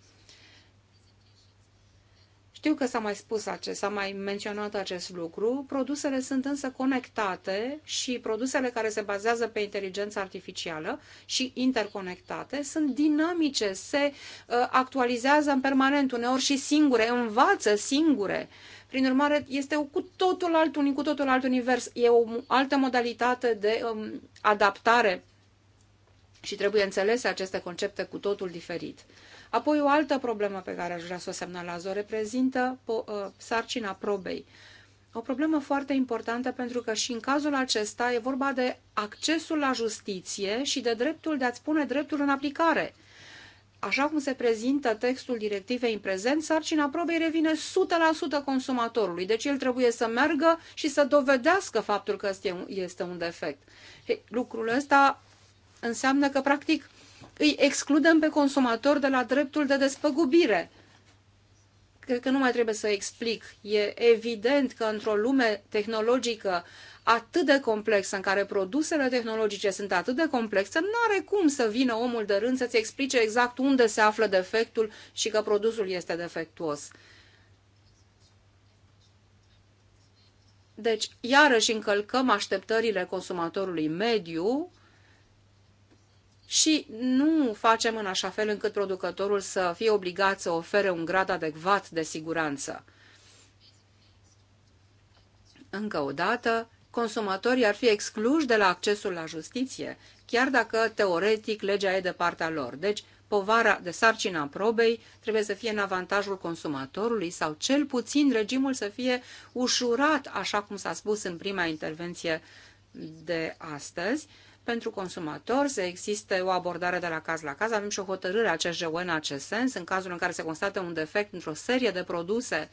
Știu că s-a mai spus acest, s-a mai menționat acest lucru, produsele sunt însă conectate și produsele care se bazează pe inteligența artificială și interconectate sunt dinamice, se uh, actualizează în permanent, uneori și singure, învață singure. Prin urmare, este cu totul alt, un cu totul alt univers. E o altă modalitate de um, adaptare și trebuie înțelese aceste concepte cu totul diferit. Apoi, o altă problemă pe care aș vrea să o semnalez o reprezintă po- uh, sarcina probei. O problemă foarte importantă pentru că și în cazul acesta e vorba de accesul la justiție și de dreptul de a-ți pune dreptul în aplicare. Așa cum se prezintă textul directivei în prezent, sarcina probei revine 100% consumatorului, deci el trebuie să meargă și să dovedească faptul că este un defect. lucrul ăsta înseamnă că, practic, îi excludem pe consumator de la dreptul de despăgubire. Cred că nu mai trebuie să explic. E evident că într-o lume tehnologică uh, atât de complexă, în care produsele tehnologice sunt atât de complexe, nu are cum să vină omul de rând să-ți explice exact unde se află defectul și că produsul este defectuos. Deci, iarăși încălcăm așteptările consumatorului mediu și nu facem în așa fel încât producătorul să fie obligat să ofere un grad adecvat de siguranță. Încă o dată, consumatorii ar fi excluși de la accesul la justiție, chiar dacă teoretic legea e de partea lor. Deci, povara de sarcina probei trebuie să fie în avantajul consumatorului sau cel puțin regimul să fie ușurat, așa cum s-a spus în prima intervenție de astăzi, pentru consumator, să existe o abordare de la caz la caz. Avem și o hotărâre a CJU în acest sens, în cazul în care se constată un defect într-o serie de produse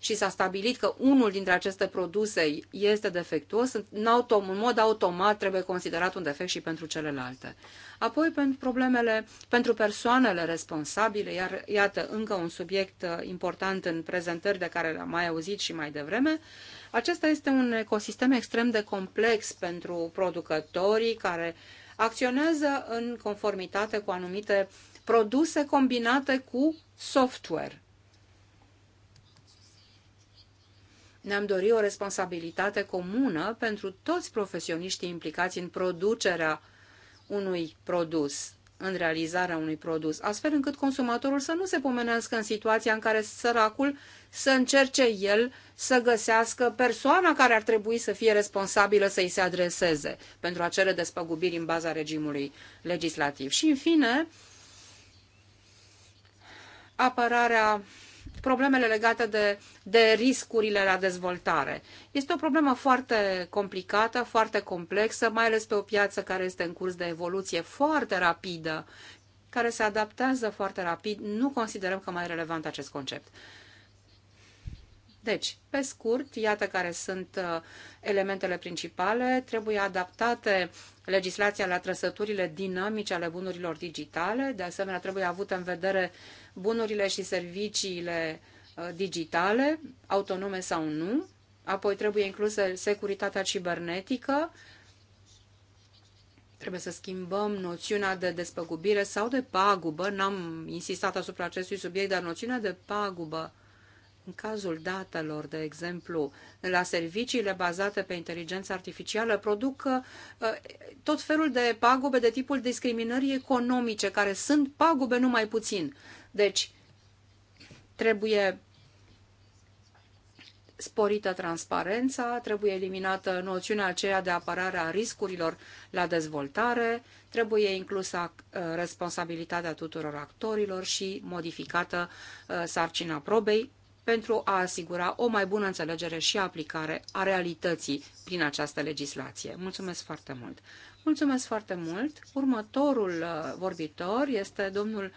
și s-a stabilit că unul dintre aceste produse este defectuos, în, autom, în mod automat trebuie considerat un defect și pentru celelalte. Apoi, pentru problemele, pentru persoanele responsabile, iar iată încă un subiect uh, important în prezentări de care l-am mai auzit și mai devreme, uh, acesta este un ecosistem extrem de complex pentru producătorii care acționează în conformitate cu anumite produse combinate cu software. Ne-am dorit o responsabilitate comună pentru toți profesioniștii implicați în producerea unui produs în realizarea unui produs, astfel încât consumatorul să nu se pomenească în situația în care săracul să încerce el să găsească persoana care ar trebui să fie responsabilă să îi se adreseze pentru a cere despăgubiri în baza regimului legislativ. Și, în fine, apărarea problemele legate de, de riscurile la dezvoltare. Este o problemă foarte complicată, foarte complexă, mai ales pe o piață care este în curs de evoluție foarte rapidă, care se adaptează foarte rapid. Nu considerăm că mai e relevant acest concept. Deci, pe scurt, iată care sunt uh, elementele principale. Trebuie adaptate legislația la trăsăturile dinamice ale bunurilor digitale. De asemenea, trebuie avută în vedere bunurile și serviciile uh, digitale, autonome sau nu, apoi trebuie inclusă securitatea cibernetică, trebuie să schimbăm noțiunea de despăgubire sau de pagubă, n-am insistat asupra acestui subiect, dar noțiunea de pagubă în cazul datelor, de exemplu, la serviciile bazate pe inteligență artificială, produc uh, tot felul de pagube de tipul discriminării economice, care sunt pagube numai puțin. Deci, trebuie sporită transparența, trebuie eliminată noțiunea aceea de apărare a riscurilor la dezvoltare, trebuie inclusă uh, responsabilitatea tuturor actorilor și modificată uh, sarcina probei pentru a asigura o mai bună înțelegere și aplicare a realității prin această legislație. Mulțumesc foarte mult! Mulțumesc foarte mult! Următorul uh, vorbitor este domnul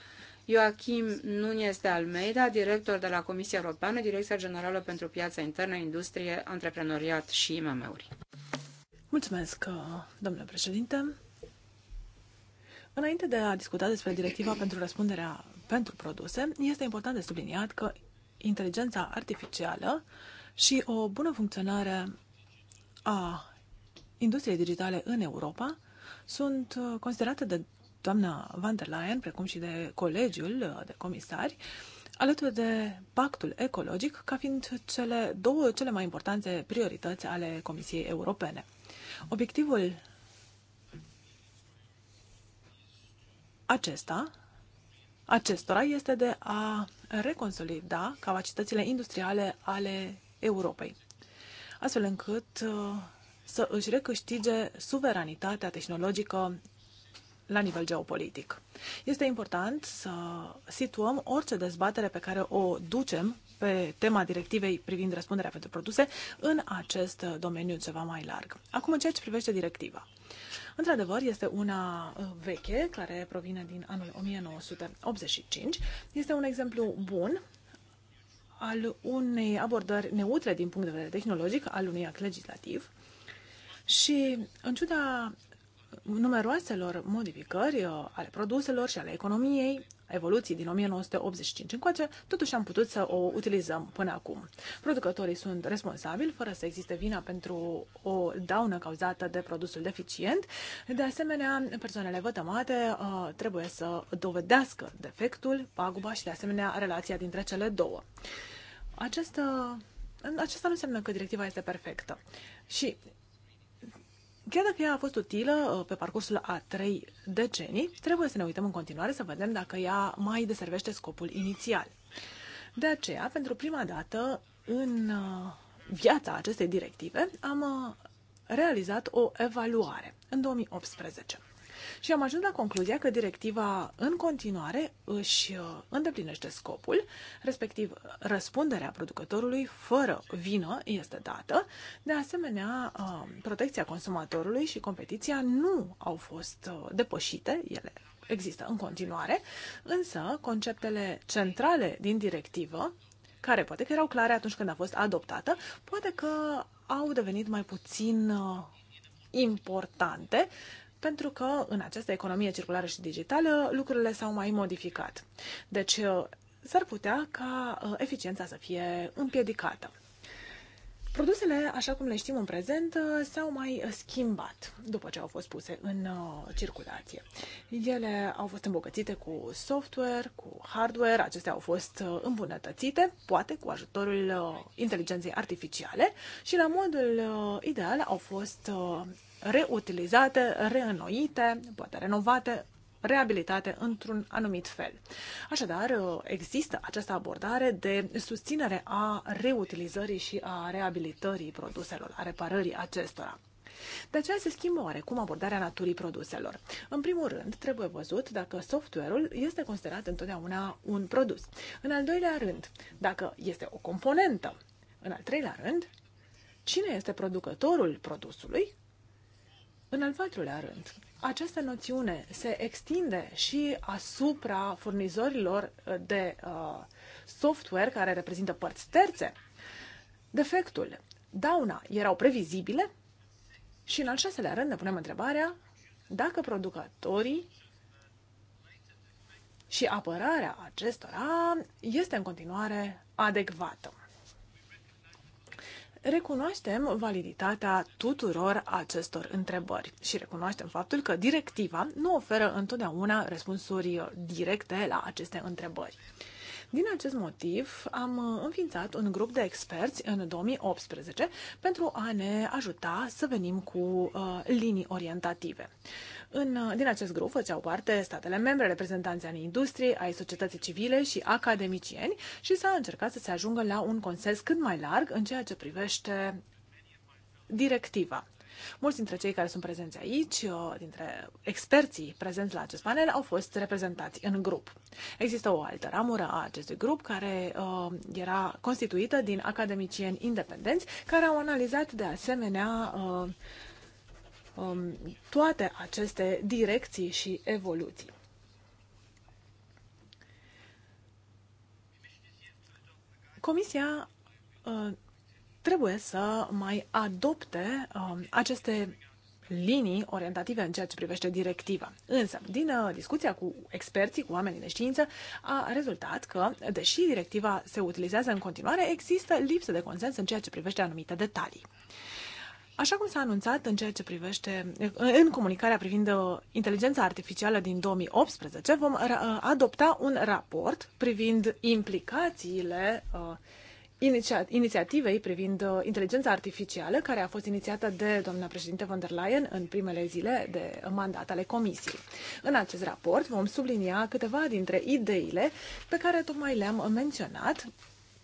Joachim Nunes de Almeida, director de la Comisia Europeană, Direcția Generală pentru Piața Internă, Industrie, Antreprenoriat și IMM-uri. Mulțumesc, uh, domnule președinte. Înainte de a discuta despre directiva pentru răspunderea pentru produse, este important de subliniat că inteligența artificială și o bună funcționare a industriei digitale în Europa sunt uh, considerate de doamna van der Leyen, precum și de colegiul uh, de comisari, alături de pactul ecologic, ca fiind cele două cele mai importante priorități ale Comisiei Europene. Obiectivul acesta acestora este de a reconsolida capacitățile industriale ale Europei, astfel încât uh, să își recâștige suveranitatea tehnologică la nivel geopolitic. Este important să situăm orice dezbatere pe care o ducem pe tema directivei privind răspunderea pentru produse în acest domeniu ceva mai larg. Acum, în ceea ce privește directiva. Într-adevăr, este una uh, veche, care provine din anul 1985. Este un exemplu bun al unei abordări neutre din punct de vedere tehnologic, al unui act legislativ. Și, în ciuda numeroaselor modificări uh, ale produselor și ale economiei, evoluții din 1985 încoace, totuși am putut să o utilizăm până acum. Producătorii sunt responsabili, fără să existe vina pentru o daună cauzată de produsul deficient. De asemenea, persoanele vătămate uh, trebuie să dovedească defectul, paguba și, de asemenea, relația dintre cele două. Acesta, Acesta nu înseamnă că directiva este perfectă. Și Chiar dacă ea a fost utilă uh, pe parcursul a trei decenii, trebuie să ne uităm în continuare să vedem dacă ea mai deservește scopul inițial. De aceea, pentru prima dată în uh, viața acestei directive, am uh, realizat o evaluare în 2018 și am ajuns la concluzia că directiva în continuare își uh, îndeplinește scopul, respectiv răspunderea producătorului fără vină este dată. De asemenea, uh, protecția consumatorului și competiția nu au fost uh, depășite, ele există în continuare, însă conceptele centrale din directivă, care poate că erau clare atunci când a fost adoptată, poate că au devenit mai puțin importante pentru că în această economie circulară și digitală lucrurile s-au mai modificat. Deci uh, s-ar putea ca uh, eficiența să fie împiedicată. Produsele, așa cum le știm în prezent, uh, s-au mai schimbat după ce au fost puse în circulație. Ele au fost îmbogățite cu software, cu hardware, acestea au fost îmbunătățite, poate cu ajutorul inteligenței artificiale și la modul ideal au fost reutilizate, reînnoite, poate renovate, reabilitate într-un anumit fel. Așadar, există această abordare de susținere a reutilizării și a reabilitării produselor, a reparării acestora. De aceea se schimbă oarecum abordarea naturii produselor. În primul rând, trebuie văzut dacă software-ul este considerat întotdeauna un produs. În al doilea rând, dacă este o componentă. În al treilea rând, cine este producătorul produsului în al patrulea rând, această noțiune se extinde și asupra furnizorilor de uh, software care reprezintă părți terțe. Defectul, dauna erau previzibile și în al șaselea rând ne punem întrebarea dacă producătorii și apărarea acestora este în continuare adecvată. Recunoaștem validitatea tuturor acestor întrebări și recunoaștem faptul că directiva nu oferă întotdeauna răspunsuri directe la aceste întrebări. Din acest motiv, am înființat un grup de experți în 2018 pentru a ne ajuta să venim cu uh, linii orientative. În, uh, din acest grup făceau parte statele membre, reprezentanții ale industriei, ai societății civile și academicieni și s-a încercat să se ajungă la un consens cât mai larg în ceea ce privește directiva. Mulți dintre cei care sunt prezenți aici, uh, dintre experții prezenți la acest panel, au fost reprezentați în grup. Există o altă ramură a acestui grup care uh, era constituită din academicieni independenți care au analizat de asemenea uh, um, toate aceste direcții și evoluții. Comisia uh, trebuie să mai adopte uh, aceste linii orientative în ceea ce privește directiva. Însă, din uh, discuția cu experții, cu oamenii de știință, a rezultat că, deși directiva se utilizează în continuare, există lipsă de consens în ceea ce privește anumite detalii. Așa cum s-a anunțat în ceea ce privește, în comunicarea privind uh, inteligența artificială din 2018, vom uh, adopta un raport privind implicațiile uh, inițiativei privind inteligența artificială, care a fost inițiată de doamna președinte von der Leyen în primele zile de mandat ale comisiei. În acest raport vom sublinia câteva dintre ideile pe care tocmai le-am menționat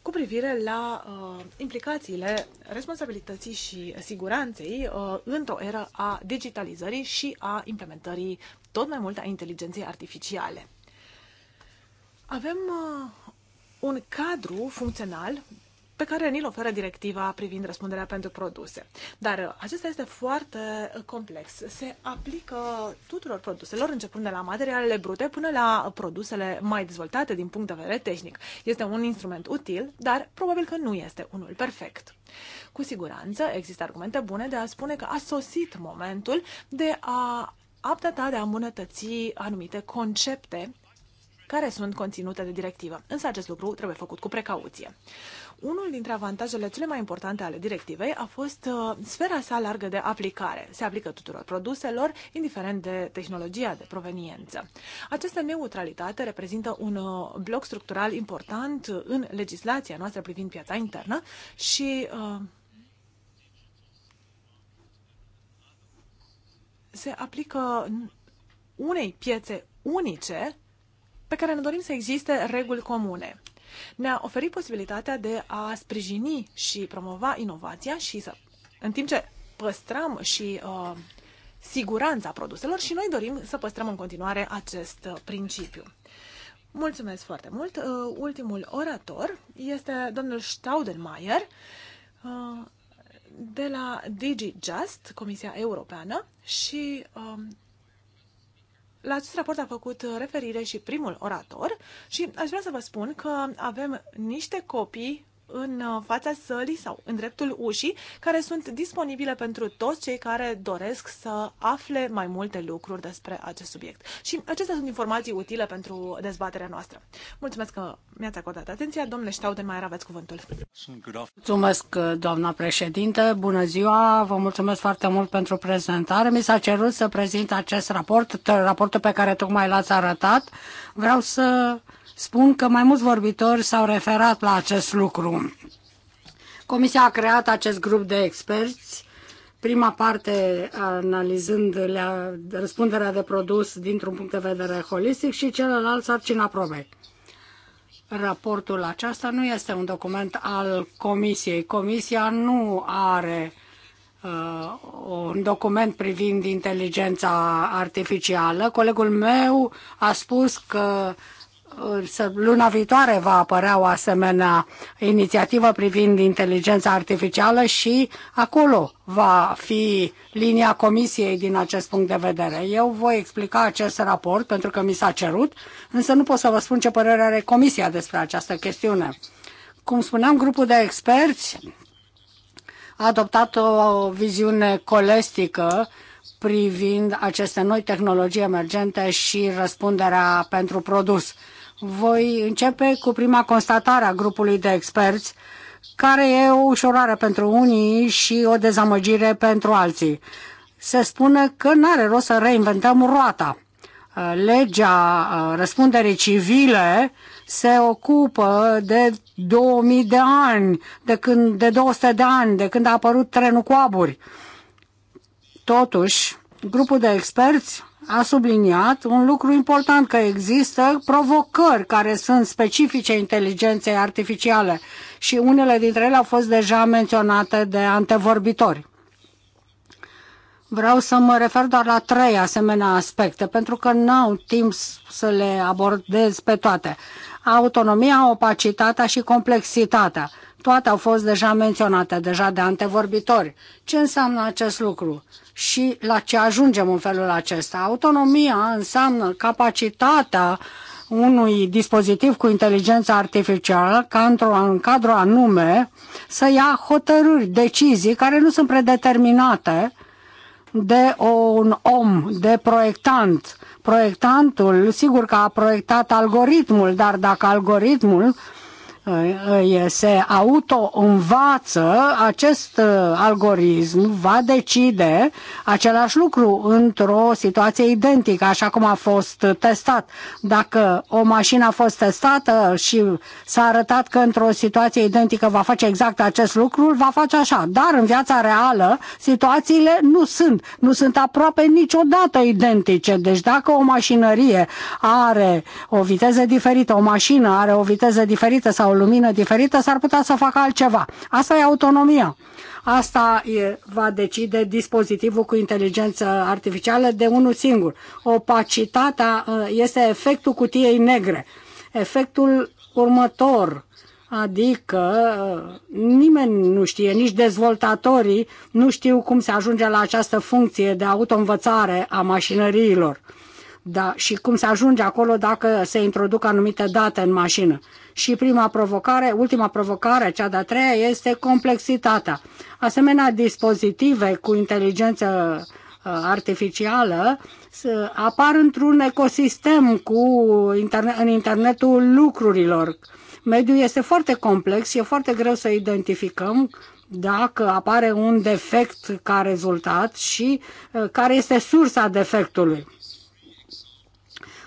cu privire la uh, implicațiile responsabilității și siguranței uh, într-o era a digitalizării și a implementării tot mai mult a inteligenței artificiale. Avem uh, un cadru funcțional pe care ni-l oferă directiva privind răspunderea pentru produse. Dar uh, acesta este foarte uh, complex. Se aplică tuturor produselor, începând de la materialele brute până la uh, produsele mai dezvoltate din punct de vedere tehnic. Este un instrument util, dar probabil că nu este unul perfect. Cu siguranță există argumente bune de a spune că a sosit momentul de a updata, de a îmbunătăți anumite concepte care sunt conținute de directivă. Însă acest lucru trebuie făcut cu precauție. Unul dintre avantajele cele mai importante ale directivei a fost uh, sfera sa largă de aplicare. Se aplică tuturor produselor, indiferent de tehnologia de proveniență. Această neutralitate reprezintă un uh, bloc structural important în legislația noastră privind piața internă și uh, se aplică unei piețe unice pe care ne dorim să existe reguli comune ne-a oferit posibilitatea de a sprijini și promova inovația și să, în timp ce păstrăm și uh, siguranța produselor și noi dorim să păstrăm în continuare acest uh, principiu. Mulțumesc foarte mult! Uh, ultimul orator este domnul Staudenmayer, uh, de la DigiJust, Comisia Europeană, și uh, la acest raport a făcut uh, referire și primul orator și aș vrea să vă spun că avem niște copii în uh, fața sălii sau în dreptul ușii, care sunt disponibile pentru toți cei care doresc să afle mai multe lucruri despre acest subiect. Și acestea sunt informații utile pentru dezbaterea noastră. Mulțumesc că mi-ați acordat atenția. Domnule mai aveți cuvântul. Mulțumesc, uh, doamna președintă. Bună ziua. Vă mulțumesc foarte mult pentru prezentare. Mi s-a cerut să prezint acest raport, raportul pe care tocmai l-ați arătat. Vreau să Spun că mai mulți vorbitori s-au referat la acest lucru. Comisia a creat acest grup de experți, prima parte analizând la răspunderea de produs dintr-un punct de vedere holistic și celălalt sarcina probei. Raportul acesta nu este un document al Comisiei. Comisia nu are uh, un document privind inteligența artificială. Colegul meu a spus că Luna viitoare va apărea o asemenea inițiativă privind inteligența artificială și acolo va fi linia comisiei din acest punct de vedere. Eu voi explica acest raport pentru că mi s-a cerut, însă nu pot să vă spun ce părere are comisia despre această chestiune. Cum spuneam, grupul de experți a adoptat o viziune colestică privind aceste noi tehnologii emergente și răspunderea pentru produs. Voi începe cu prima constatare a grupului de experți, care e o ușurare pentru unii și o dezamăgire pentru alții. Se spune că nu are rost să reinventăm roata. Legea uh, răspunderii civile se ocupă de 2000 de ani, de, când, de 200 de ani, de când a apărut trenul cu aburi. Totuși, grupul de experți a subliniat un lucru important, că există provocări care sunt specifice inteligenței artificiale și unele dintre ele au fost deja menționate de antevorbitori. Vreau să mă refer doar la trei asemenea aspecte, pentru că n-au timp să le abordez pe toate. Autonomia, opacitatea și complexitatea. Toate au fost deja menționate, deja de antevorbitori. Ce înseamnă acest lucru? și la ce ajungem în felul acesta. Autonomia înseamnă capacitatea unui dispozitiv cu inteligență artificială ca într-un cadru anume să ia hotărâri, decizii care nu sunt predeterminate de un om, de proiectant. Proiectantul, sigur că a proiectat algoritmul, dar dacă algoritmul se auto-învață, acest uh, algoritm va decide același lucru într-o situație identică, așa cum a fost testat. Dacă o mașină a fost testată și s-a arătat că într-o situație identică va face exact acest lucru, va face așa. Dar în viața reală, situațiile nu sunt. Nu sunt aproape niciodată identice. Deci dacă o mașinărie are o viteză diferită, o mașină are o viteză diferită sau lumină diferită, s-ar putea să facă altceva. Asta e autonomia. Asta e, va decide dispozitivul cu inteligență artificială de unul singur. Opacitatea ă, este efectul cutiei negre. Efectul următor, Adică ă, nimeni nu știe, nici dezvoltatorii nu știu cum se ajunge la această funcție de autoînvățare a mașinăriilor. Da, și cum se ajunge acolo dacă se introduc anumite date în mașină și prima provocare, ultima provocare, cea de-a treia, este complexitatea. Asemenea, dispozitive cu inteligență uh, artificială uh, apar într-un ecosistem cu interne- în internetul lucrurilor. Mediul este foarte complex, e foarte greu să identificăm dacă apare un defect ca rezultat și uh, care este sursa defectului.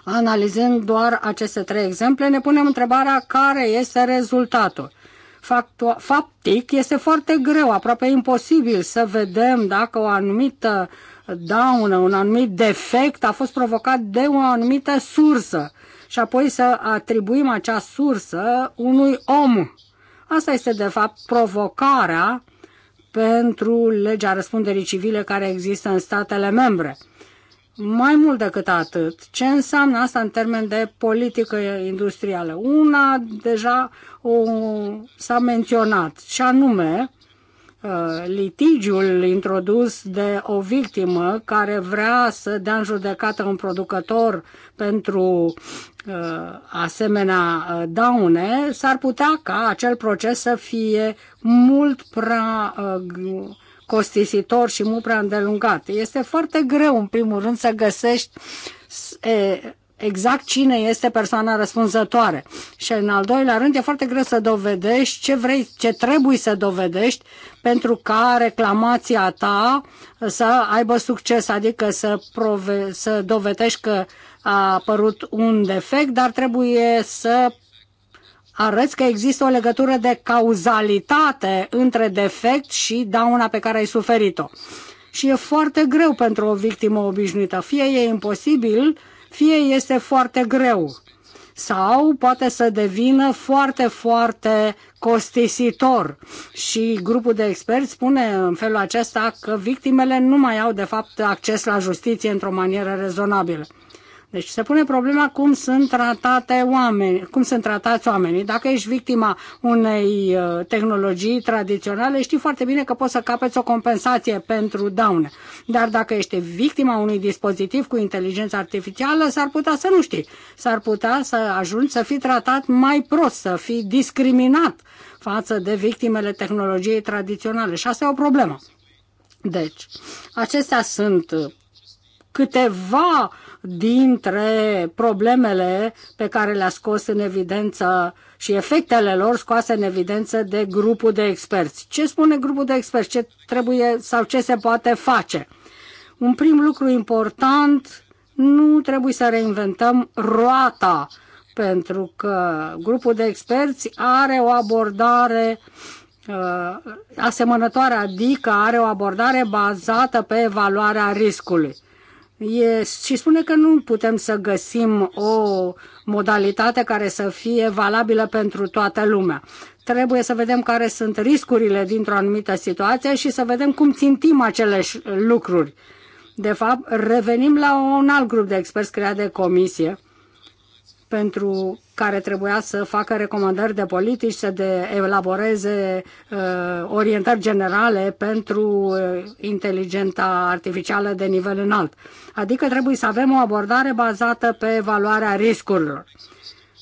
Analizând doar aceste trei exemple, ne punem întrebarea care este rezultatul. Factua, faptic, este foarte greu, aproape imposibil să vedem dacă o anumită daună, un anumit defect a fost provocat de o anumită sursă și apoi să atribuim acea sursă unui om. Asta este, de fapt, provocarea pentru legea răspunderii civile care există în statele membre. Mai mult decât atât, ce înseamnă asta în termen de politică industrială? Una deja s-a menționat, și anume uh, litigiul introdus de o victimă care vrea să dea în judecată un producător pentru uh, asemenea uh, daune, s-ar putea ca acel proces să fie mult prea costisitor și mult prea îndelungat. Este foarte greu, în primul rând, să găsești exact cine este persoana răspunzătoare. Și în al doilea rând e foarte greu să dovedești ce vrei, ce trebuie să dovedești pentru ca reclamația ta să aibă succes, adică să, prove, să dovedești că a apărut un defect, dar trebuie să arăți că există o legătură de cauzalitate între defect și dauna pe care ai suferit-o. Și e foarte greu pentru o victimă obișnuită. Fie e imposibil, fie este foarte greu. Sau poate să devină foarte, foarte costisitor. Și grupul de experți spune în felul acesta că victimele nu mai au, de fapt, acces la justiție într-o manieră rezonabilă. Deci se pune problema cum sunt tratate oameni, cum sunt tratați oamenii. Dacă ești victima unei uh, tehnologii tradiționale, știi foarte bine că poți să capeți o compensație pentru daune. Dar dacă ești victima unui dispozitiv cu inteligență artificială, s-ar putea să nu știi. S-ar putea să ajungi să fii tratat mai prost, să fii discriminat față de victimele tehnologiei tradiționale. Și asta e o problemă. Deci, acestea sunt câteva dintre problemele pe care le-a scos în evidență și efectele lor scoase în evidență de grupul de experți. Ce spune grupul de experți? Ce trebuie sau ce se poate face? Un prim lucru important, nu trebuie să reinventăm roata, pentru că grupul de experți are o abordare uh, asemănătoare, adică are o abordare bazată pe evaluarea riscului e, și spune că nu putem să găsim o modalitate care să fie valabilă pentru toată lumea. Trebuie să vedem care sunt riscurile dintr-o anumită situație și să vedem cum țintim acele lucruri. De fapt, revenim la un alt grup de experți creat de comisie pentru care trebuia să facă recomandări de politici, să de elaboreze uh, orientări generale pentru uh, inteligența artificială de nivel înalt. Adică trebuie să avem o abordare bazată pe evaluarea riscurilor.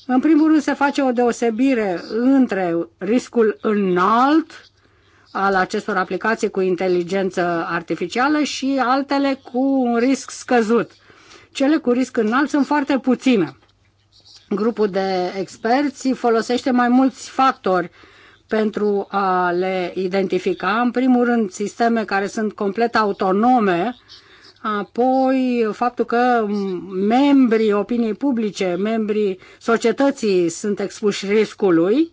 În primul rând se face o deosebire între riscul înalt al acestor aplicații cu inteligență artificială și altele cu un risc scăzut. Cele cu risc înalt sunt foarte puține grupul de experți folosește mai mulți factori pentru a le identifica. În primul rând, sisteme care sunt complet autonome, apoi faptul că membrii opiniei publice, membrii societății sunt expuși riscului,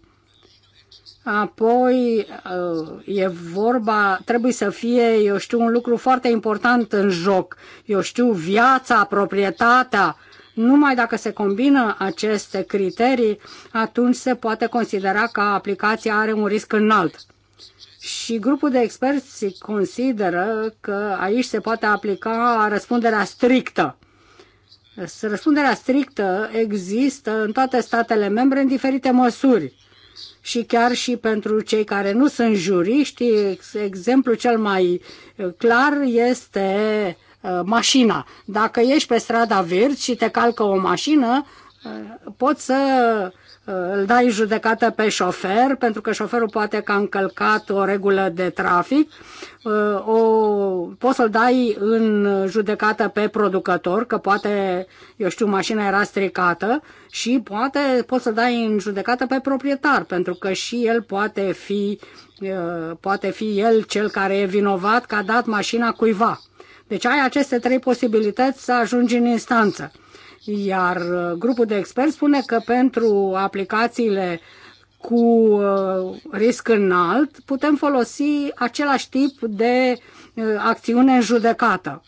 apoi uh, e vorba, trebuie să fie, eu știu, un lucru foarte important în joc, eu știu, viața, proprietatea, numai dacă se combină aceste criterii, atunci se poate considera că aplicația are un risc înalt. Și grupul de experți consideră că aici se poate aplica răspunderea strictă. Răspunderea strictă există în toate statele membre în diferite măsuri. Și chiar și pentru cei care nu sunt juriști, exemplul cel mai clar este Uh, mașina. Dacă ești pe strada verzi și te calcă o mașină, uh, poți să uh, îl dai judecată pe șofer, pentru că șoferul poate că a încălcat o regulă de trafic, o, poți să-l dai în judecată pe producător, că poate, eu știu, mașina era stricată și poate poți să-l dai în judecată pe proprietar, pentru că și el poate fi, poate fi el cel care e vinovat că a dat mașina cuiva. Deci ai aceste trei posibilități să ajungi în instanță. Iar uh, grupul de experți spune că pentru aplicațiile cu uh, risc înalt putem folosi același tip de uh, acțiune în judecată.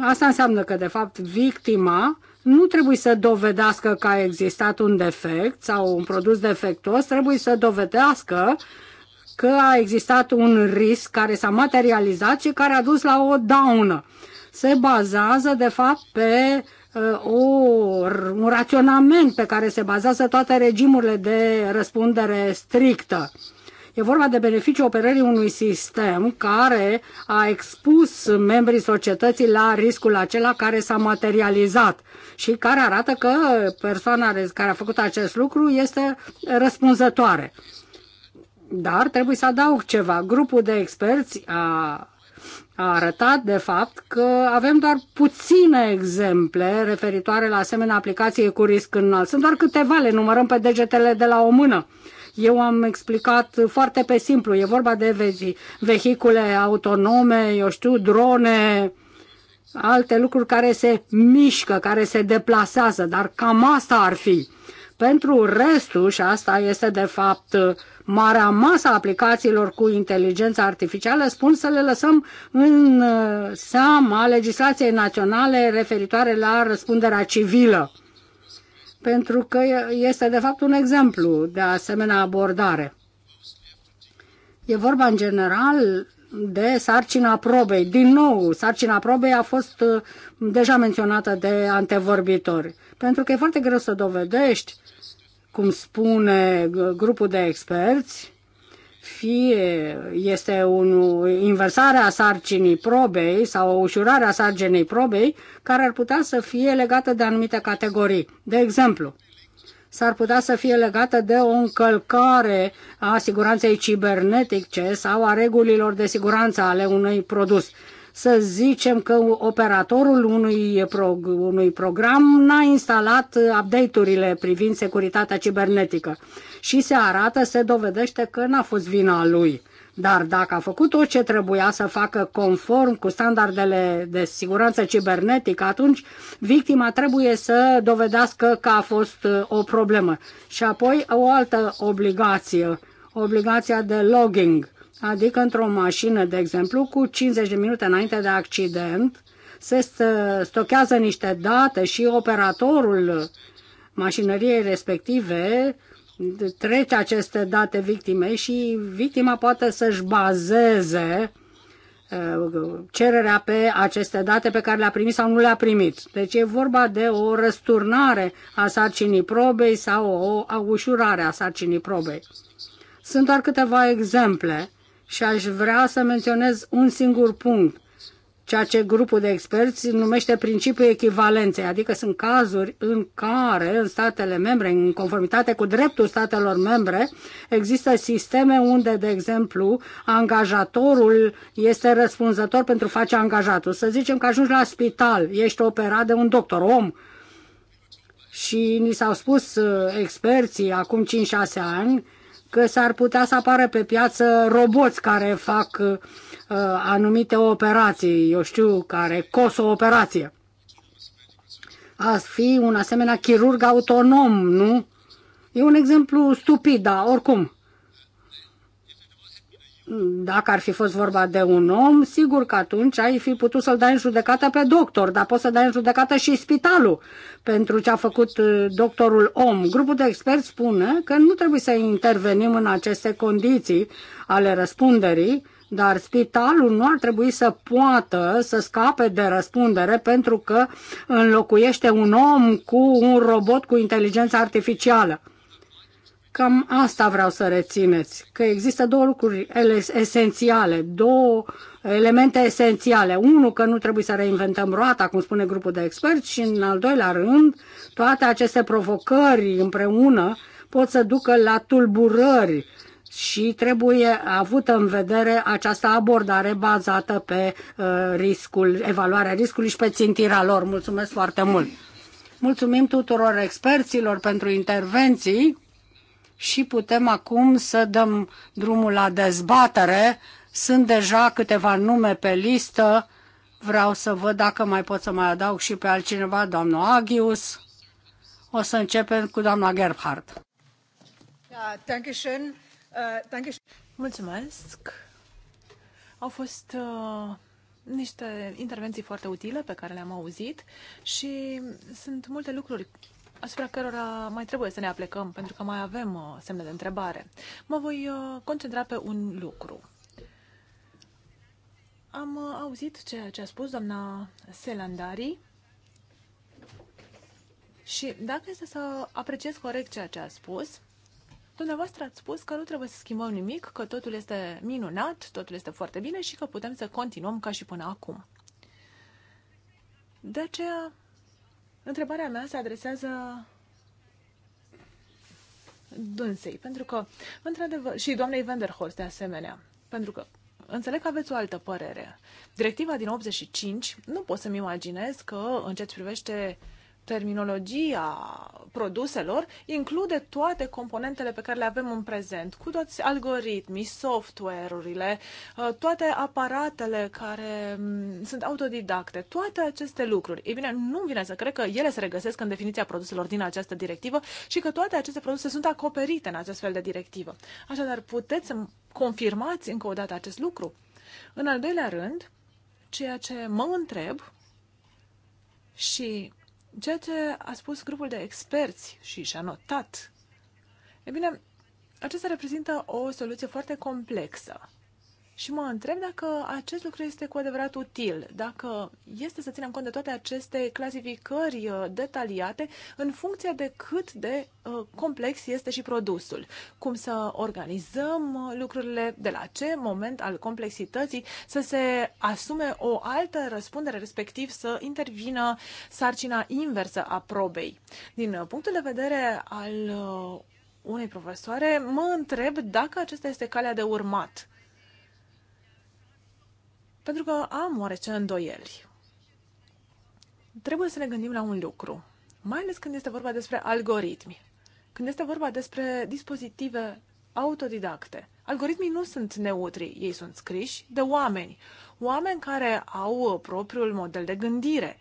Asta înseamnă că, de fapt, victima nu trebuie să dovedească că a existat un defect sau un produs defectuos, trebuie să dovedească că a existat un risc care s-a materializat și care a dus la o daună. Se bazează, de fapt, pe uh, o, un raționament pe care se bazează toate regimurile de răspundere strictă. E vorba de beneficiul operării unui sistem care a expus membrii societății la riscul acela care s-a materializat și care arată că persoana care a făcut acest lucru este răspunzătoare. Dar trebuie să adaug ceva. Grupul de experți a a arătat, de fapt, că avem doar puține exemple referitoare la asemenea aplicații cu risc înalt. Sunt doar câteva, le numărăm pe degetele de la o mână. Eu am explicat foarte pe simplu, e vorba de vehicule autonome, eu știu, drone, alte lucruri care se mișcă, care se deplasează, dar cam asta ar fi. Pentru restul, și asta este de fapt marea masă a aplicațiilor cu inteligența artificială, spun să le lăsăm în uh, seama legislației naționale referitoare la răspunderea civilă. Pentru că este, de fapt, un exemplu de asemenea abordare. E vorba, în general, de sarcina probei. Din nou, sarcina probei a fost uh, deja menționată de antevorbitori. Pentru că e foarte greu să dovedești uh, cum spune grupul de experți, fie este un, inversarea sarcinii probei sau o ușurare a sarcinii probei care ar putea să fie legată de anumite categorii. De exemplu, s-ar putea să fie legată de o încălcare a siguranței cibernetice sau a regulilor de siguranță ale unui produs să zicem că operatorul unui, prog- unui program n-a instalat update-urile privind securitatea cibernetică și se arată, se dovedește că n-a fost vina lui. Dar dacă a făcut tot ce trebuia să facă conform cu standardele de siguranță cibernetică, atunci victima trebuie să dovedească că a fost uh, o problemă. Și apoi o altă obligație, obligația de logging adică într-o mașină, de exemplu, cu 50 de minute înainte de accident, se stochează niște date și operatorul mașinăriei respective trece aceste date victimei și victima poate să-și bazeze uh, cererea pe aceste date pe care le-a primit sau nu le-a primit. Deci e vorba de o răsturnare a sarcinii probei sau o ușurare a sarcinii probei. Sunt doar câteva exemple și aș vrea să menționez un singur punct, ceea ce grupul de experți numește principiul echivalenței, adică sunt cazuri în care în statele membre, în conformitate cu dreptul statelor membre, există sisteme unde, de exemplu, angajatorul este răspunzător pentru face angajatul. Să zicem că ajungi la spital, ești operat de un doctor, om, și ni s-au spus uh, experții acum 5-6 ani că s-ar putea să apară pe piață roboți care fac uh, anumite operații, eu știu, care cos o operație. A fi un asemenea chirurg autonom, nu? E un exemplu stupid, dar oricum dacă ar fi fost vorba de un om, sigur că atunci ai fi putut să-l dai în judecată pe doctor, dar poți să dai în judecată și spitalul pentru ce a făcut uh, doctorul om. Grupul de experți spune că nu trebuie să intervenim în aceste condiții ale răspunderii, dar spitalul nu ar trebui să poată să scape de răspundere pentru că înlocuiește un om cu un robot cu inteligență artificială. Cam asta vreau să rețineți, că există două lucruri esențiale, două elemente esențiale. Unul, că nu trebuie să reinventăm roata, cum spune grupul de experți, și în al doilea rând, toate aceste provocări împreună pot să ducă la tulburări și trebuie avută în vedere această abordare bazată pe uh, riscul, evaluarea riscului și pe țintirea lor. Mulțumesc foarte mult! Mulțumim tuturor experților pentru intervenții și putem acum să dăm drumul la dezbatere. Sunt deja câteva nume pe listă. Vreau să văd dacă mai pot să mai adaug și pe altcineva, doamnul Agius, O să începem cu doamna Gerhardt. Äh, Mulțumesc. Au fost uh, niște intervenții foarte utile pe care le-am auzit și sunt multe lucruri asupra cărora mai trebuie să ne aplecăm, pentru că mai avem uh, semne de întrebare. Mă voi uh, concentra pe un lucru. Am uh, auzit ceea ce a spus doamna Selandari și dacă este să apreciez corect ceea ce a spus, Dumneavoastră ați spus că nu trebuie să schimbăm nimic, că totul este minunat, totul este foarte bine și că putem să continuăm ca și până acum. De aceea Întrebarea mea se adresează dânsei, pentru că, într-adevăr, și doamnei Vanderhorst de asemenea, pentru că înțeleg că aveți o altă părere. Directiva din 85, nu pot să-mi imaginez că, în ce privește terminologia produselor include toate componentele pe care le avem în prezent, cu toți algoritmii, software-urile, uh, toate aparatele care mm, sunt autodidacte, toate aceste lucruri. Ei bine, nu vine să cred că ele se regăsesc în definiția produselor din această directivă și că toate aceste produse sunt acoperite în acest fel de directivă. Așadar, puteți să confirmați încă o dată acest lucru? În al doilea rând, ceea ce mă întreb și ceea ce a spus grupul de experți și și-a notat. E bine, acesta reprezintă o soluție foarte complexă. Și mă întreb dacă acest lucru este cu adevărat util, dacă este să ținem cont de toate aceste clasificări uh, detaliate în funcție de cât de uh, complex este și produsul, cum să organizăm uh, lucrurile, de la ce moment al complexității să se asume o altă răspundere, respectiv să intervină sarcina inversă a probei. Din punctul de vedere al unei profesoare, mă întreb dacă acesta este calea de urmat pentru că am oarece îndoieli. Trebuie să ne gândim la un lucru, mai ales când este vorba despre algoritmi, când este vorba despre dispozitive autodidacte. Algoritmii nu sunt neutri, ei sunt scriși de oameni, oameni care au propriul model de gândire,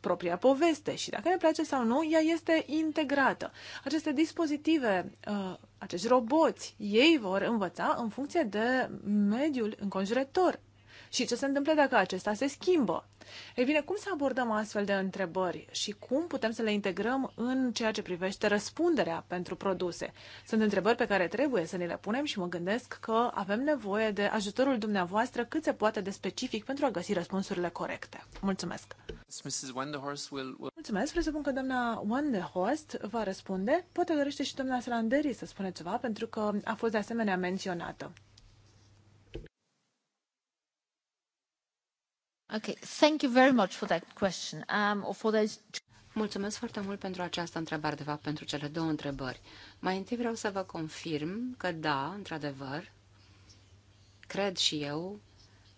propria poveste și dacă ne place sau nu, ea este integrată. Aceste dispozitive, uh, acești roboți, ei vor învăța în funcție de mediul înconjurător, și ce se întâmplă dacă acesta se schimbă. Ei bine, cum să abordăm astfel de întrebări și cum putem să le integrăm în ceea ce privește răspunderea pentru produse? Sunt întrebări pe care trebuie să ne le punem și mă gândesc că avem nevoie de ajutorul dumneavoastră cât se poate de specific pentru a găsi răspunsurile corecte. Mulțumesc! Mulțumesc, presupun că doamna Wanderhorst va răspunde. Poate dorește și doamna Salanderi să spune ceva, pentru că a fost de asemenea menționată. Mulțumesc foarte mult pentru această întrebare, de fapt, pentru cele două întrebări. Mai întâi vreau să vă confirm că da, într-adevăr, cred și eu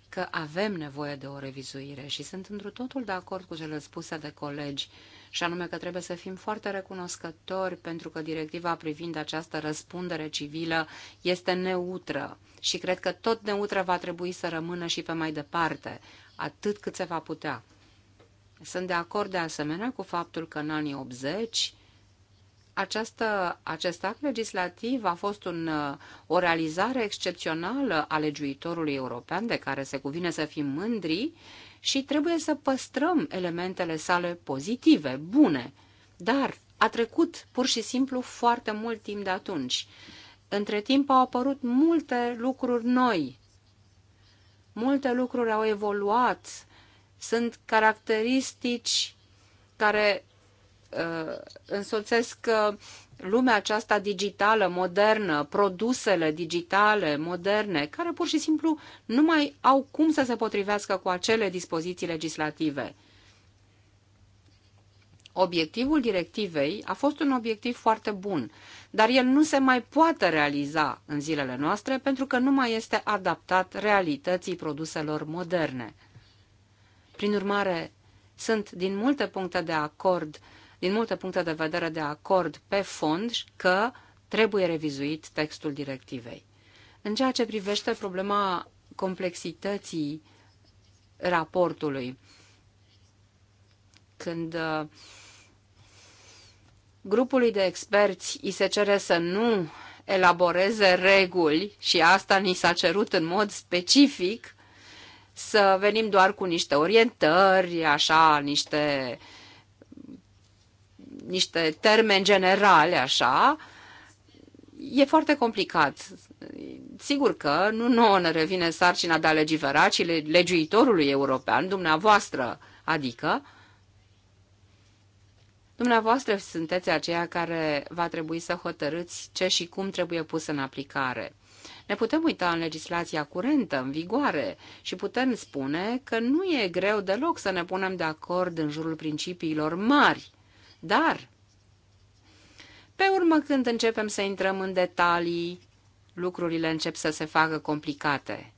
că avem nevoie de o revizuire și sunt într totul de acord cu cele spuse de colegi, și anume că trebuie să fim foarte recunoscători pentru că directiva privind această răspundere civilă este neutră și cred că tot neutră va trebui să rămână și pe mai departe atât cât se va putea. Sunt de acord de asemenea cu faptul că în anii 80 această, acest act legislativ a fost un, o realizare excepțională a legiuitorului european de care se cuvine să fim mândri și trebuie să păstrăm elementele sale pozitive, bune. Dar a trecut pur și simplu foarte mult timp de atunci. Între timp au apărut multe lucruri noi, Multe lucruri au evoluat, sunt caracteristici care uh, însoțesc uh, lumea aceasta digitală, modernă, produsele digitale, moderne, care pur și simplu nu mai au cum să se potrivească cu acele dispoziții legislative. Obiectivul directivei a fost un obiectiv foarte bun, dar el nu se mai poate realiza în zilele noastre pentru că nu mai este adaptat realității produselor moderne. Prin urmare, sunt din multe puncte de acord, din multe puncte de vedere de acord pe fond că trebuie revizuit textul directivei. În ceea ce privește problema complexității raportului, când uh, Grupului de experți îi se cere să nu elaboreze reguli și asta ni s-a cerut în mod specific să venim doar cu niște orientări, așa, niște, niște termeni generale, așa, e foarte complicat. Sigur că nu nouă ne revine sarcina de a legivera, ci legiuitorului european, dumneavoastră, adică, Dumneavoastră sunteți aceia care va trebui să hotărâți ce și cum trebuie pus în aplicare. Ne putem uita în legislația curentă, în vigoare, și putem spune că nu e greu deloc să ne punem de acord în jurul principiilor mari. Dar, pe urmă când începem să intrăm în detalii, lucrurile încep să se facă complicate.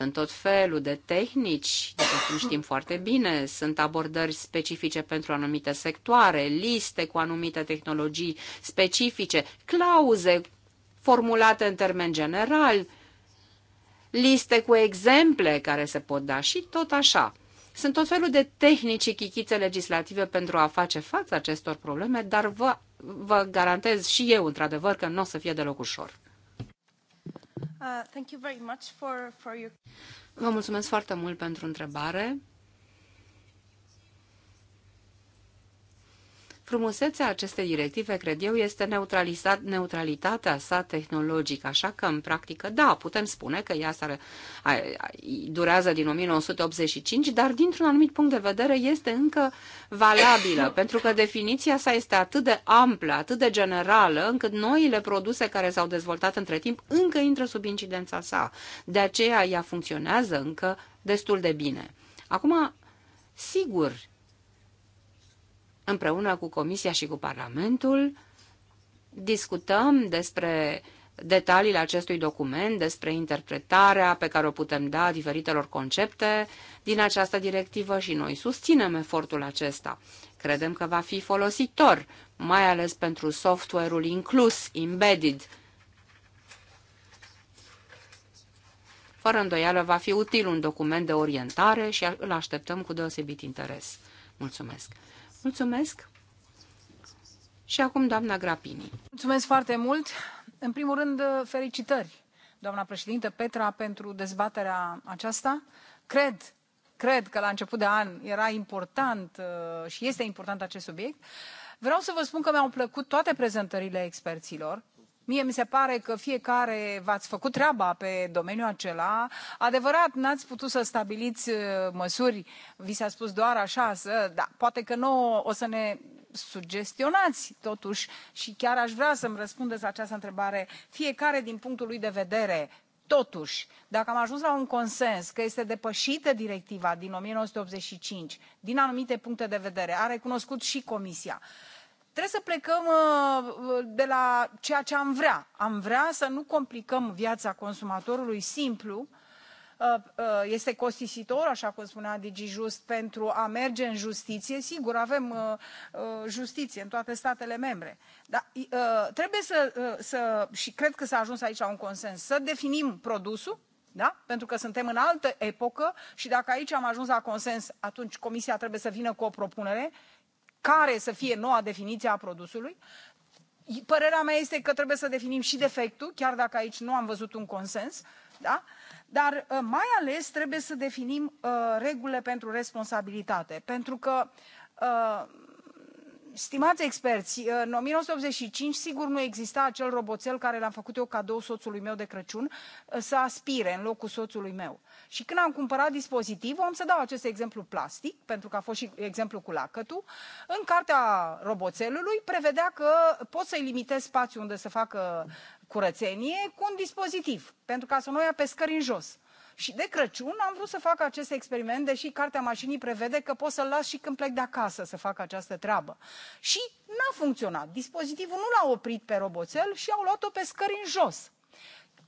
Sunt tot felul de tehnici, după cum știm foarte bine, sunt abordări specifice pentru anumite sectoare, liste cu anumite tehnologii specifice, clauze formulate în termen general, liste cu exemple care se pot da și tot așa. Sunt tot felul de tehnici și chichițe legislative pentru a face față acestor probleme, dar vă, vă garantez și eu, într-adevăr, că nu o să fie deloc ușor. Uh, Vă mulțumesc foarte mult pentru întrebare. Frumusețea acestei directive, cred eu, este neutralitatea sa tehnologică, așa că, în practică, da, putem spune că ea a, a, durează din 1985, dar, dintr-un anumit punct de vedere, este încă valabilă, (coughs) pentru că definiția sa este atât de amplă, atât de generală, încât noile produse care s-au dezvoltat între timp încă intră sub incidența sa. De aceea, ea funcționează încă destul de bine. Acum, sigur, împreună cu Comisia și cu Parlamentul, discutăm despre detaliile acestui document, despre interpretarea pe care o putem da diferitelor concepte din această directivă și noi susținem efortul acesta. Credem că va fi folositor, mai ales pentru software-ul inclus, embedded. Fără îndoială va fi util un document de orientare și îl așteptăm cu deosebit interes. Mulțumesc! Mulțumesc. Și acum doamna Grapini. Mulțumesc foarte mult. În primul rând, felicitări, doamna președintă Petra, pentru dezbaterea aceasta. Cred cred că la început de an era important uh, și este important acest subiect. Vreau să vă spun că mi-au plăcut toate prezentările experților mie mi se pare că fiecare v ați făcut treaba pe domeniul acela adevărat n ați putut să stabiliți uh, măsuri vi s a spus doar așa să da poate că nouă o să ne sugestionați totuși și chiar aș vrea să mi răspundeți la această întrebare fiecare din punctul lui de vedere totuși dacă am ajuns la un consens că este depășită directiva din o mie nouă sute optzeci și cinci din anumite puncte de vedere a recunoscut și comisia trebuie să plecăm uh, uh, de la ceea ce am vrea am vrea să nu complicăm viața consumatorului simplu uh, este costisitor așa cum spunea dg just pentru a merge în justiție sigur avem justiție în toate statele membre dar trebuie să, să și cred că s a ajuns aici la un consens să definim produsul da? pentru că suntem în altă epocă și dacă aici am ajuns la consens atunci comisia trebuie să vină cu o propunere care să fie noua definiție a produsului părerea mea este că trebuie să definim și defectul chiar dacă aici nu am văzut un consens da? dar uh, mai ales trebuie să definim uh, regulile pentru responsabilitate pentru că uh, Stimați experți, în 1985 uh, sigur nu exista acel roboțel care l-am făcut eu cadou soțului meu de Crăciun uh, să aspire în locul soțului meu. Și când am cumpărat dispozitivul, am să dau acest exemplu plastic, pentru că a fost și exemplu cu lacătul, în cartea roboțelului prevedea că pot să-i limitez spațiul unde să facă curățenie cu un dispozitiv, pentru ca să nu ia pe scări în jos și de crăciun am vrut să fac acest experiment deși cartea mașinii prevede că pot să l las și când plec de acasă să fac această treabă și n-a funcționat dispozitivul nu l-a oprit pe roboțel și au luat o pe scări în jos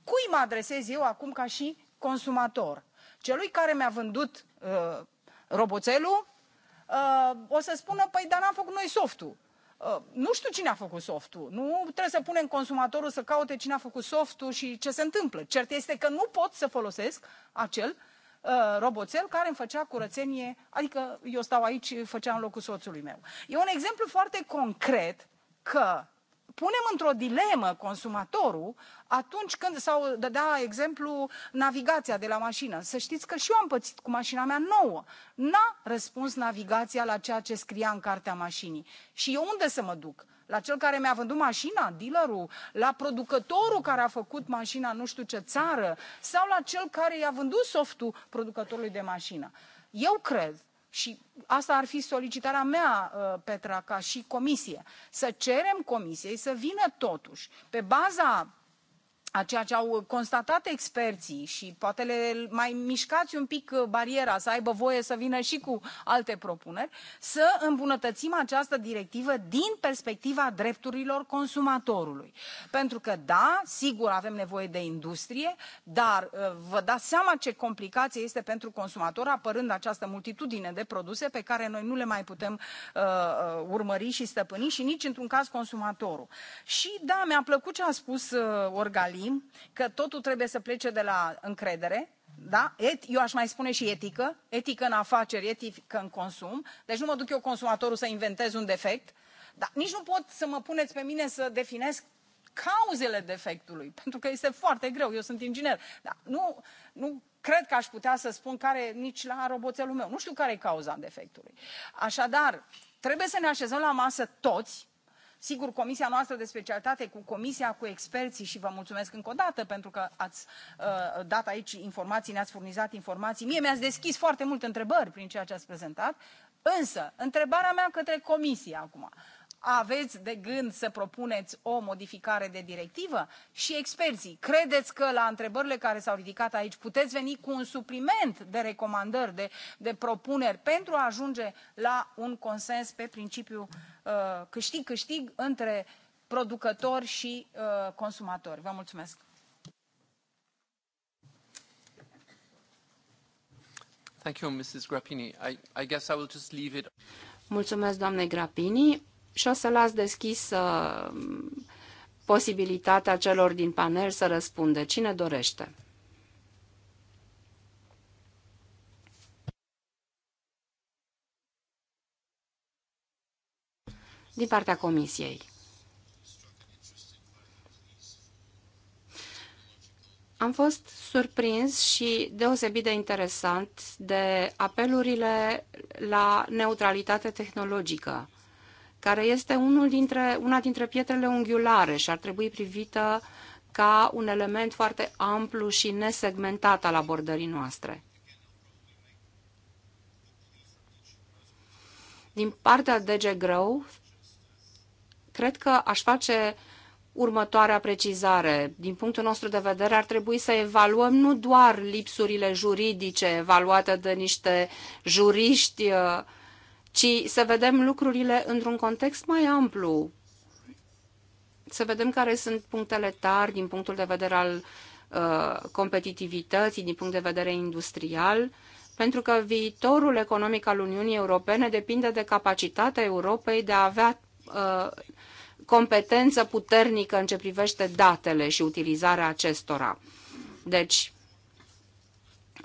cui mă adresez eu acum ca și consumator celui care mi a vândut uh, roboțelul uh, o să spună păi dar n am făcut noi softul Uh, nu știu cine a făcut softul nu trebuie să punem consumatorul să caute cine a făcut softul și ce se întâmplă cert este că nu pot să folosesc acel uh, roboțel care îmi făcea curățenie adică eu stau aici făcea în locul soțului meu. e un exemplu foarte concret că punem într-o dilemă consumatorul atunci când, sau dădea exemplu navigația de la mașină. Să știți că și eu am pățit cu mașina mea nouă. N-a răspuns navigația la ceea ce scria în cartea mașinii. Și eu unde să mă duc? La cel care mi-a vândut mașina, dealerul, la producătorul care a făcut mașina nu știu ce țară, sau la cel care i-a vândut softul producătorului de mașină. Eu cred și asta ar fi solicitarea mea uh, petra ca și comisie să cerem comisiei să vină totuși pe baza a ceea ce au constatat experții și poate le mai mișcați un pic uh, bariera să aibă voie să vină și cu alte propuneri să îmbunătățim această directivă din perspectiva drepturilor consumatorului pentru că da sigur avem nevoie de industrie dar uh, vă dați seama ce complicație este pentru consumator apărând această multitudine de produse pe care noi nu le mai putem uh, uh urmări și stăpâni și nici într un caz consumatorul. și da mi a plăcut ce a spus uh, orgali vorbim că totul trebuie să plece de la încredere da? eu aș mai spune și etică etică în afaceri etică în consum deci nu mă duc eu consumatorul să inventez un defect dar nici nu pot să mă puneți pe mine să definesc cauzele defectului (laughs) pentru că este foarte greu eu sunt inginer dar nu, nu cred că aș putea să spun care nici la roboțelul meu nu știu care e cauza defectului. așadar trebuie să ne așezăm la masă toți sigur comisia noastră de specialitate cu comisia cu experții și vă mulțumesc încă o dată pentru că ați uh, dat aici informații ne ați furnizat informații mie mi ați deschis foarte multe întrebări prin ceea ce ați prezentat însă întrebarea mea către comisie acum aveți de gând să propuneți o modificare de directivă? Și experții, credeți că la întrebările care s-au ridicat aici puteți veni cu un supliment de recomandări, de, de propuneri pentru a ajunge la un consens pe principiu câștig-câștig uh, între producători și uh, consumatori? Vă mulțumesc! Thank you, Mrs. Grappini. I, I guess I will just leave it. Mulțumesc, doamne Grapini și o să las deschis uh, posibilitatea celor din panel să răspundă. Cine dorește? Din partea comisiei. Am fost surprins și deosebit de interesant de apelurile la neutralitate tehnologică care este unul dintre, una dintre pietrele unghiulare și ar trebui privită ca un element foarte amplu și nesegmentat al abordării noastre. Din partea DG Grow, cred că aș face următoarea precizare. Din punctul nostru de vedere, ar trebui să evaluăm nu doar lipsurile juridice evaluate de niște juriști uh, ci să vedem lucrurile într-un context mai amplu, să vedem care sunt punctele tari din punctul de vedere al uh, competitivității, din punct de vedere industrial, pentru că viitorul economic al Uniunii Europene depinde de capacitatea Europei de a avea uh, competență puternică în ce privește datele și utilizarea acestora. Deci,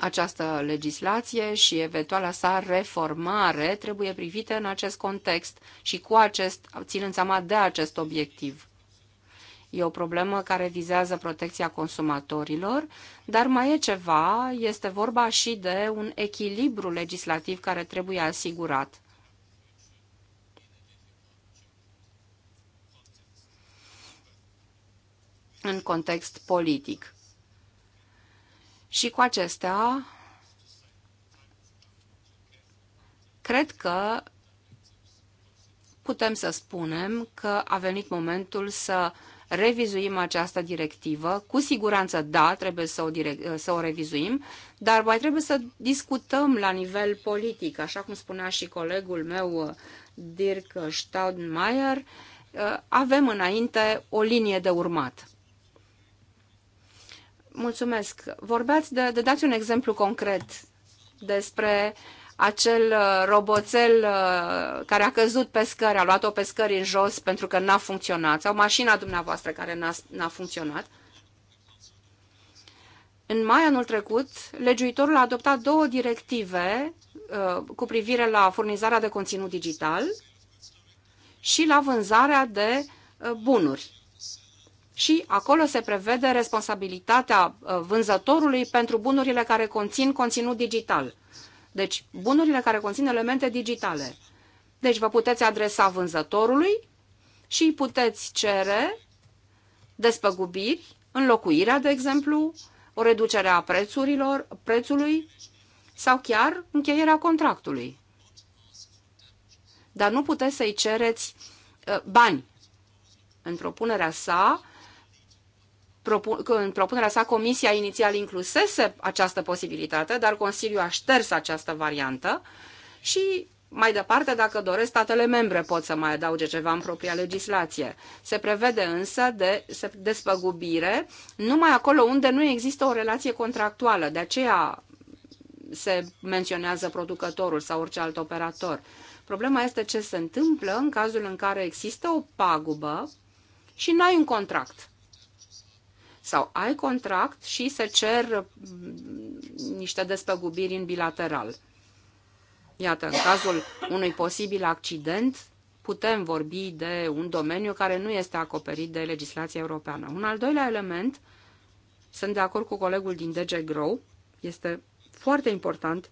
această legislație și eventuala sa reformare trebuie privite în acest context și cu acest, ținând seama de acest obiectiv. E o problemă care vizează protecția consumatorilor, dar mai e ceva, este vorba și de un echilibru legislativ care trebuie asigurat. în context politic. Și cu acestea, cred că putem să spunem că a venit momentul să revizuim această directivă. Cu siguranță, da, trebuie să o, direct, să o revizuim, dar mai trebuie să discutăm la nivel politic, așa cum spunea și colegul meu, Dirk Staudenmayer, avem înainte o linie de urmat. Mulțumesc. Vorbeați de, de dați un exemplu concret despre acel uh, roboțel uh, care a căzut pe scări, a luat-o pe scări în jos pentru că n-a funcționat, sau mașina dumneavoastră care n-a, funcționat. În mai anul trecut, legiuitorul a adoptat două directive uh, cu privire la furnizarea de conținut digital și la vânzarea de bunuri și acolo se prevede responsabilitatea uh, vânzătorului pentru bunurile care conțin conținut digital. Deci, bunurile care conțin elemente digitale. Deci, vă puteți adresa vânzătorului și puteți cere despăgubiri, înlocuirea, de exemplu, o reducere a prețurilor, prețului sau chiar încheierea contractului. Dar nu puteți să-i cereți uh, bani. În propunerea sa, în propunerea sa, Comisia inițial inclusese această posibilitate, dar Consiliul a șters această variantă și mai departe, dacă doresc, statele membre pot să mai adauge ceva în propria legislație. Se prevede însă de despăgubire numai acolo unde nu există o relație contractuală. De aceea se menționează producătorul sau orice alt operator. Problema este ce se întâmplă în cazul în care există o pagubă și nu ai un contract sau ai contract și se cer mm, niște despăgubiri în bilateral. Iată, în cazul unui posibil accident, putem vorbi de un domeniu care nu este acoperit de legislația europeană. Un al doilea element, sunt de acord cu colegul din DG Grow, este foarte important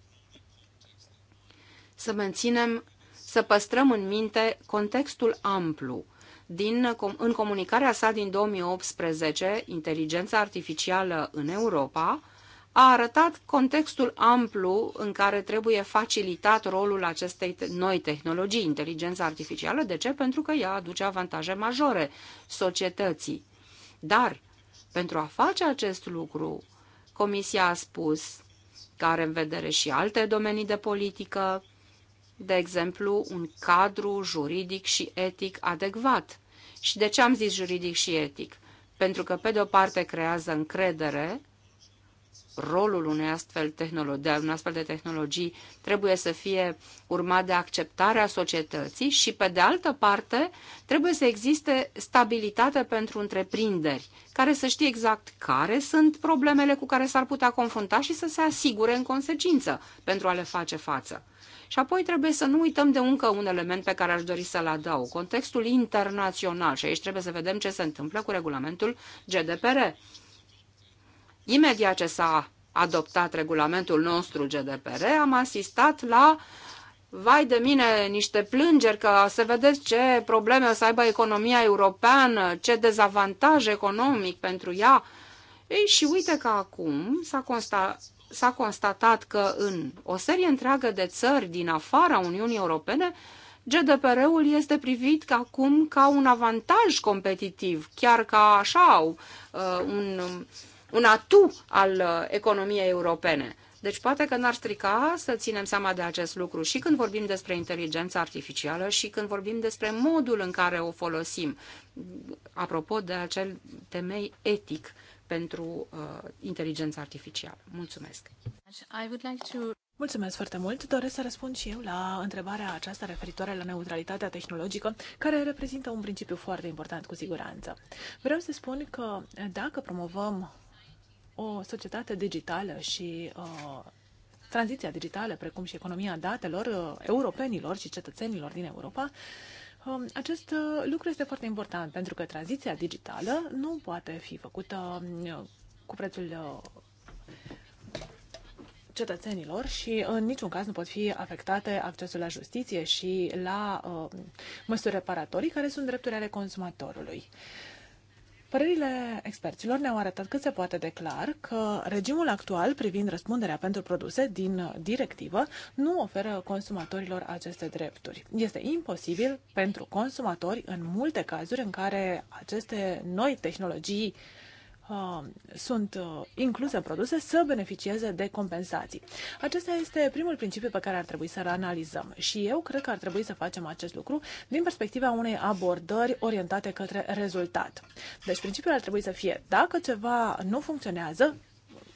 să menținem, să păstrăm în minte contextul amplu din, în comunicarea sa din 2018, Inteligența artificială în Europa, a arătat contextul amplu în care trebuie facilitat rolul acestei noi tehnologii, inteligența artificială. De ce? Pentru că ea aduce avantaje majore societății. Dar, pentru a face acest lucru, Comisia a spus că are în vedere și alte domenii de politică, de exemplu, un cadru juridic și etic adecvat. Și de ce am zis juridic și etic? Pentru că, pe de o parte, creează încredere rolul unei astfel de unei astfel de tehnologii trebuie să fie urmat de acceptarea societății și, pe de altă parte, trebuie să existe stabilitate pentru întreprinderi, care să știe exact care sunt problemele cu care s-ar putea confrunta și să se asigure în consecință pentru a le face față. Și apoi trebuie să nu uităm de încă un element pe care aș dori să-l adaug, contextul internațional și aici trebuie să vedem ce se întâmplă cu regulamentul GDPR Imediat ce s-a adoptat regulamentul nostru GDPR, am asistat la Vai de mine, niște plângeri că să vedeți ce probleme o să aibă economia europeană, ce dezavantaj economic pentru ea. Ei, și uite că acum s-a, consta, constatat că în o serie întreagă de țări din afara Uniunii Europene, GDPR-ul este privit ca acum ca un avantaj competitiv, chiar ca așa, uh, un un atu al uh, economiei europene. Deci poate că n-ar strica să ținem seama de acest lucru și când vorbim despre inteligența artificială și când vorbim despre modul în care o folosim. Apropo de acel temei etic pentru uh, inteligența artificială. Mulțumesc! I would like to... Mulțumesc foarte mult! Doresc să răspund și eu la întrebarea aceasta referitoare la neutralitatea tehnologică, care reprezintă un principiu foarte important cu siguranță. Vreau să spun că dacă promovăm o societate digitală și uh, tranziția digitală, precum și economia datelor uh, europenilor și cetățenilor din Europa, um, acest uh, lucru este foarte important pentru că tranziția digitală nu poate fi făcută cu prețul cetățenilor și în niciun caz nu pot fi afectate accesul la justiție și la uh, măsuri reparatorii care sunt drepturile ale consumatorului. Uh, Părerile experților ne-au arătat cât se poate de clar că regimul actual privind răspunderea pentru produse din directivă nu oferă consumatorilor aceste drepturi. Este imposibil pentru consumatori în multe cazuri în care aceste noi tehnologii uh, Uh, sunt uh, incluse produse să beneficieze de compensații. Acesta este primul principiu pe care ar trebui să-l analizăm și eu cred că ar trebui să facem acest lucru din perspectiva unei abordări orientate către rezultat. Deci principiul ar trebui să fie dacă ceva nu funcționează,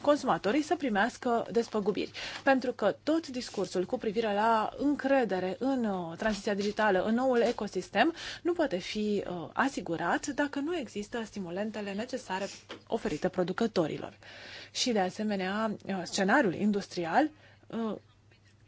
consumatorii să primească despăgubiri. Pentru că tot discursul cu privire la încredere în uh, tranziția digitală, în noul ecosistem, nu poate fi uh, asigurat dacă nu există stimulentele necesare oferite producătorilor. Și, de asemenea, uh, scenariul industrial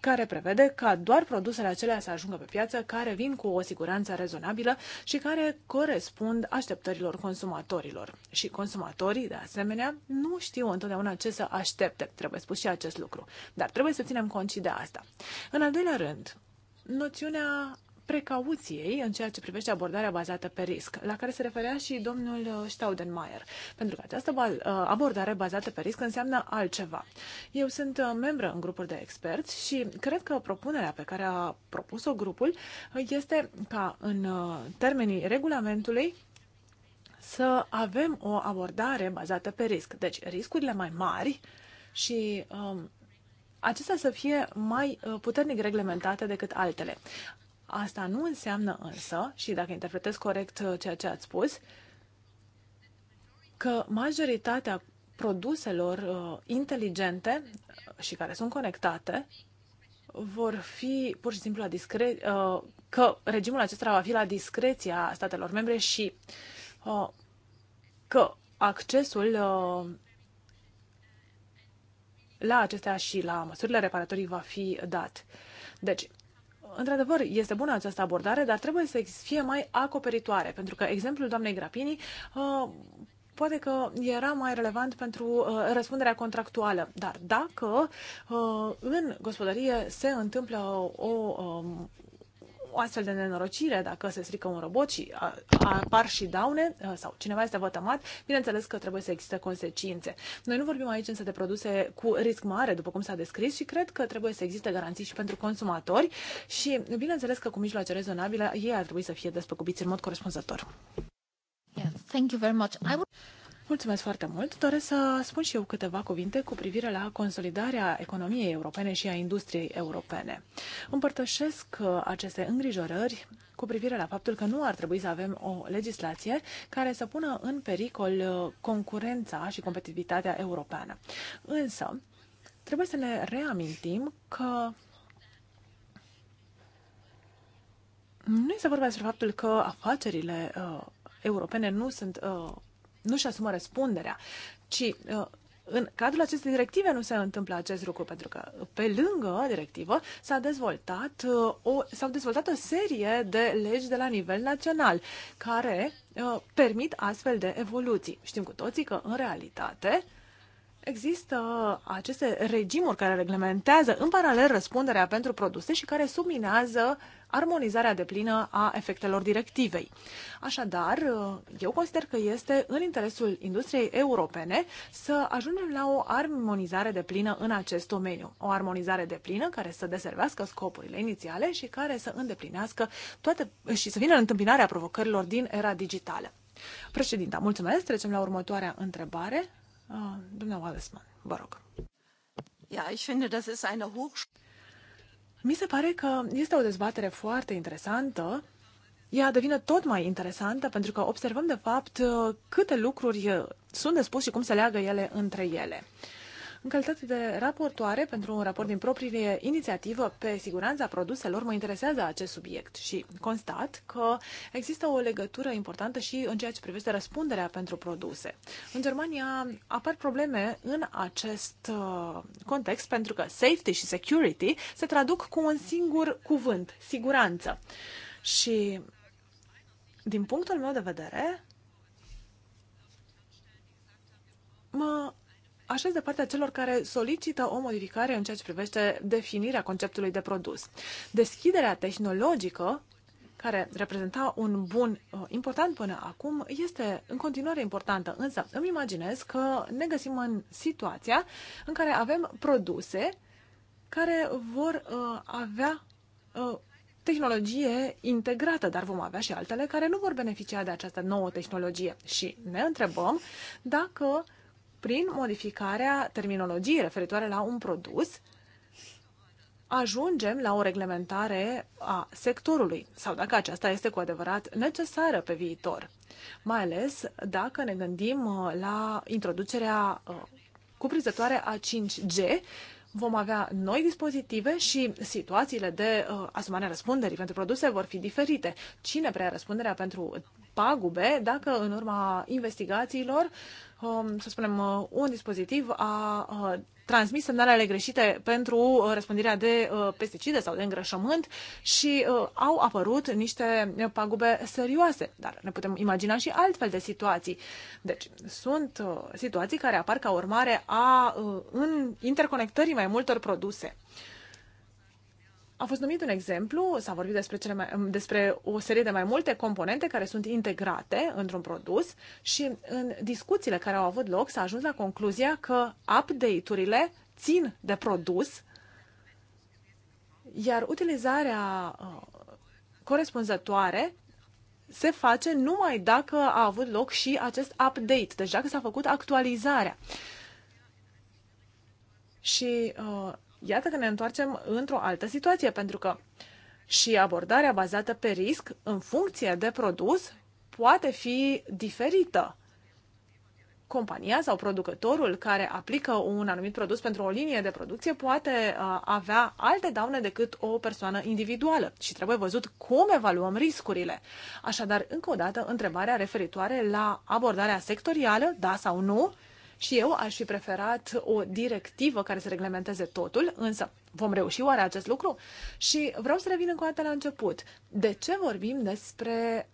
care prevede ca doar produsele acelea să ajungă pe piață care vin cu o siguranță rezonabilă și care corespund așteptărilor consumatorilor. Și consumatorii, de asemenea, nu știu întotdeauna ce să aștepte. Trebuie spus și acest lucru. Dar trebuie să ținem cont și de asta. În al doilea rând, noțiunea precauției în ceea ce privește abordarea bazată pe risc, la care se referea și domnul uh, Staudenmayer. Pentru că această uh, abordare bazată pe risc înseamnă altceva. Eu sunt uh, membră în grupul de experți și cred că propunerea pe care a propus-o grupul este ca în termenii regulamentului să avem o abordare bazată pe risc. Deci riscurile mai mari și um, acestea să fie mai puternic reglementate decât altele. Asta nu înseamnă însă, și dacă interpretez corect uh, ceea ce ați spus, că majoritatea produselor uh, inteligente uh, și care sunt conectate vor fi pur și simplu la discreție, că regimul acesta va fi la discreția statelor membre și că accesul la acestea și la măsurile reparatorii va fi dat. Deci, într-adevăr, este bună această abordare, dar trebuie să fie mai acoperitoare, pentru că exemplul doamnei Grapini uh, poate că era mai relevant pentru uh, răspunderea contractuală. Dar dacă uh, în gospodărie se întâmplă o um, o astfel de nenorocire, dacă se strică un robot și apar și daune uh, sau cineva este vătămat, bineînțeles că trebuie să existe consecințe. Noi nu vorbim aici însă de produse cu risc mare, după cum s-a descris, și cred că trebuie să existe garanții și pentru consumatori și, bineînțeles că cu mijloace rezonabile, ei ar trebui să fie despăgubiți în mod corespunzător. Yeah, thank you very much. I would... Mulțumesc foarte mult. Doresc să spun și eu câteva cuvinte cu privire la consolidarea economiei europene și a industriei europene. Împărtășesc uh, aceste îngrijorări cu privire la faptul că nu ar trebui să avem o legislație care să pună în pericol uh, concurența și competitivitatea europeană. Însă, trebuie să ne reamintim că nu este vorba despre faptul că afacerile uh, europene nu sunt uh, nu-și asumă răspunderea, ci uh, în cadrul acestei directive nu se întâmplă acest lucru, pentru că pe lângă directivă s-a dezvoltat uh, o, s-au dezvoltat o serie de legi de la nivel național care uh, permit astfel de evoluții. Știm cu toții că, în realitate, există aceste regimuri care reglementează în paralel răspunderea pentru produse și care subminează uh, armonizarea plină a efectelor directivei. Așadar, eu consider că este în interesul industriei europene să ajungem la o armonizare plină în acest domeniu. O armonizare plină care să deservească scopurile inițiale și care să îndeplinească toate și să vină în întâmpinarea provocărilor din era digitală. Președinta, mulțumesc. Trecem la următoarea întrebare. Ah, doamna Wallesman, vă rog. Ja, ich finde, das ist eine Hochschule. Mi se pare că este o dezbatere foarte interesantă. Ea devine tot mai interesantă pentru că observăm, de fapt, câte lucruri sunt de spus și cum se leagă ele între ele. În calitate de raportoare pentru un raport din proprie inițiativă pe siguranța produselor, mă interesează acest subiect și constat că există o legătură importantă și în ceea ce privește răspunderea pentru produse. În Germania apar probleme în acest uh, context pentru că safety și security se traduc cu un singur cuvânt, siguranță. Și din punctul meu de vedere, mă așez de partea celor care solicită o modificare în ceea ce privește definirea conceptului de produs. Deschiderea tehnologică care reprezenta un bun uh, important până acum, este în continuare importantă. Însă îmi imaginez că ne găsim în situația în care avem produse care vor uh, avea uh, tehnologie integrată, dar vom avea și altele care nu vor beneficia de această nouă tehnologie. Și ne întrebăm dacă uh, prin modificarea terminologiei referitoare la un produs, ajungem la o reglementare a sectorului sau dacă aceasta este cu adevărat necesară pe viitor, mai ales dacă ne gândim uh, la introducerea uh, cuprinzătoare a 5G, vom avea noi dispozitive și situațiile de uh, asumare a răspunderii pentru produse vor fi diferite. Cine preia răspunderea pentru pagube dacă în urma investigațiilor uh, Um, să spunem, uh, un dispozitiv a uh, transmis semnalele greșite pentru uh, răspândirea de pesticide sau de îngrășământ și au apărut niște pagube serioase. Dar ne putem imagina și altfel de situații. Deci, sunt situații care apar ca urmare a în interconectării mai multor produse. A fost numit un exemplu, s-a vorbit despre, cele mai, mm, despre o serie de mai multe componente care sunt integrate într-un produs și în discuțiile care au avut loc s-a ajuns la concluzia că update-urile țin de produs, iar utilizarea uh, corespunzătoare se face numai dacă a avut loc și acest update, deci dacă s-a făcut actualizarea. Și uh, Iată că ne întoarcem într-o altă situație, pentru că și abordarea bazată pe risc, în funcție de produs, poate fi diferită. Compania sau producătorul care aplică un anumit produs pentru o linie de producție poate uh, avea alte daune decât o persoană individuală și trebuie văzut cum evaluăm riscurile. Așadar, încă o dată, întrebarea referitoare la abordarea sectorială, da sau nu, și eu aș fi preferat o directivă care să reglementeze totul, însă vom reuși oare acest lucru? Și vreau să revin încă o dată la început. De ce vorbim despre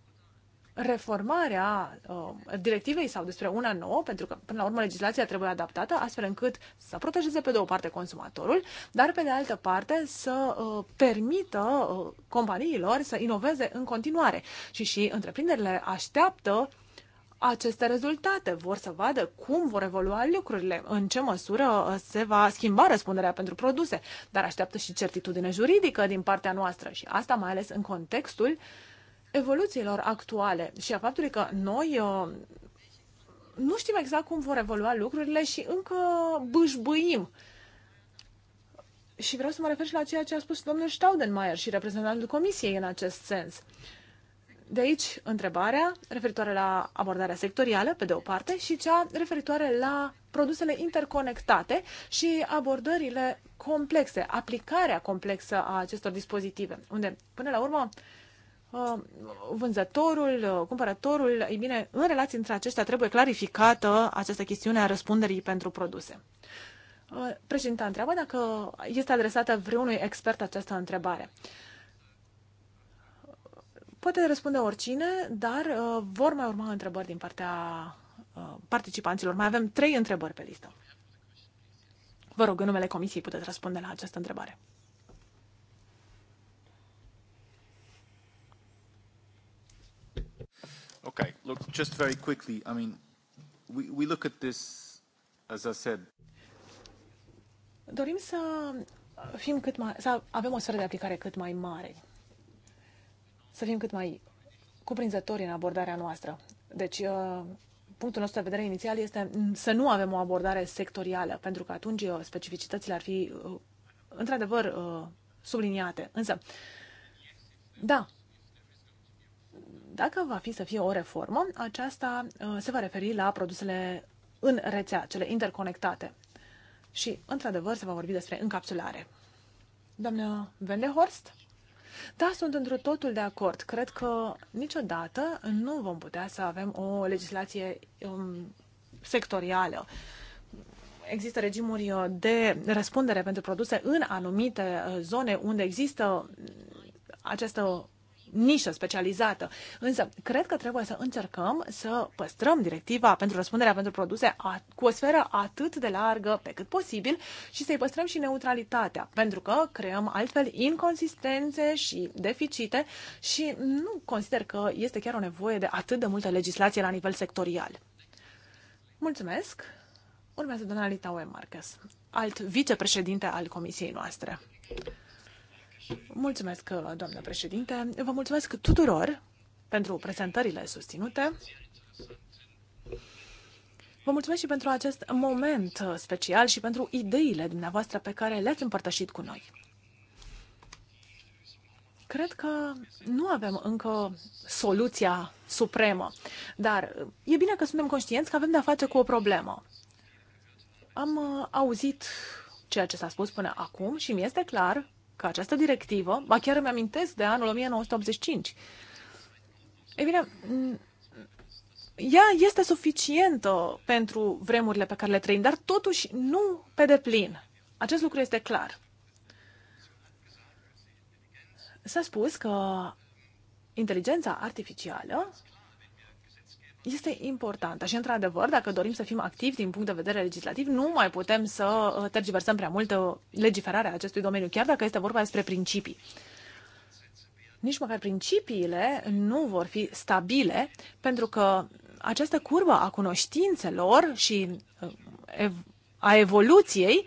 reformarea uh, directivei sau despre una nouă, pentru că până la urmă legislația trebuie adaptată astfel încât să protejeze pe de o parte consumatorul, dar pe de altă parte să uh, permită uh, companiilor să inoveze în continuare. Și și întreprinderile așteaptă uh, aceste rezultate, vor să vadă cum vor evolua lucrurile, în ce măsură uh, se va schimba răspunderea pentru produse, dar așteaptă și certitudine juridică din partea noastră și asta mai ales în contextul evoluțiilor actuale și a faptului că noi uh, nu știm exact cum vor evolua lucrurile și încă bâșbâim. Și vreau să mă refer și la ceea ce a spus domnul Staudenmayer și reprezentantul Comisiei în acest sens. Uh, de aici întrebarea referitoare la abordarea sectorială, pe de o parte, și cea referitoare la produsele interconectate și abordările complexe, aplicarea complexă a acestor dispozitive, unde, până la urmă, uh, vânzătorul, uh, cumpărătorul, ei bine, în relații între aceștia trebuie clarificată această chestiune a răspunderii pentru produse. Uh, președinta întreabă dacă este adresată vreunui expert această întrebare. Poate răspunde oricine, dar uh, vor mai urma întrebări din partea uh, participanților. Mai avem trei întrebări pe listă. Vă rog, în numele Comisiei puteți răspunde la această întrebare. Okay, look, just very quickly, I mean, we, we look at this, as I said. Dorim să fim cât mai, să avem o sferă de aplicare cât mai mare să fim cât mai cuprinzători în abordarea noastră. Deci, uh, punctul nostru de vedere inițial este să nu avem o abordare sectorială, pentru că atunci uh, specificitățile ar fi uh, într-adevăr subliniate. Însă, da, dacă va fi să fie o reformă, aceasta se va referi la produsele în rețea, cele interconectate. Și, într-adevăr, se va vorbi despre încapsulare. Doamnă Vendehorst? Da, sunt într totul de acord. Cred că niciodată nu vom putea să avem o legislație um, sectorială. Există regimuri uh, de răspundere pentru produse în anumite uh, zone unde există această nișă specializată. Însă, cred că trebuie să încercăm să păstrăm directiva pentru răspunderea pentru produse cu o sferă atât de largă pe cât posibil și să-i păstrăm și neutralitatea, pentru că creăm altfel inconsistențe și deficite și nu consider că este chiar o nevoie de atât de multă legislație la nivel sectorial. Mulțumesc! Urmează doamna Lita Marquez, alt vicepreședinte al comisiei noastre. Mulțumesc, doamnă președinte. Vă mulțumesc tuturor pentru prezentările susținute. Vă mulțumesc și pentru acest moment special și pentru ideile dumneavoastră pe care le-ați împărtășit cu noi. Cred că nu avem încă soluția supremă, dar e bine că suntem conștienți că avem de-a face cu o problemă. Am uh, auzit ceea ce s-a spus până acum și mi este clar că această directivă, ba chiar îmi amintesc de anul 1985, e bine, ea este suficientă pentru vremurile pe care le trăim, dar totuși nu pe deplin. Acest lucru este clar. S-a spus că inteligența artificială este importantă și, într-adevăr, dacă dorim să fim activi din punct de vedere legislativ, nu mai putem să uh, tergiversăm prea mult uh, legiferarea acestui domeniu, chiar dacă este vorba despre principii. Nici măcar principiile nu vor fi stabile, pentru că această curbă a cunoștințelor și uh, a evoluției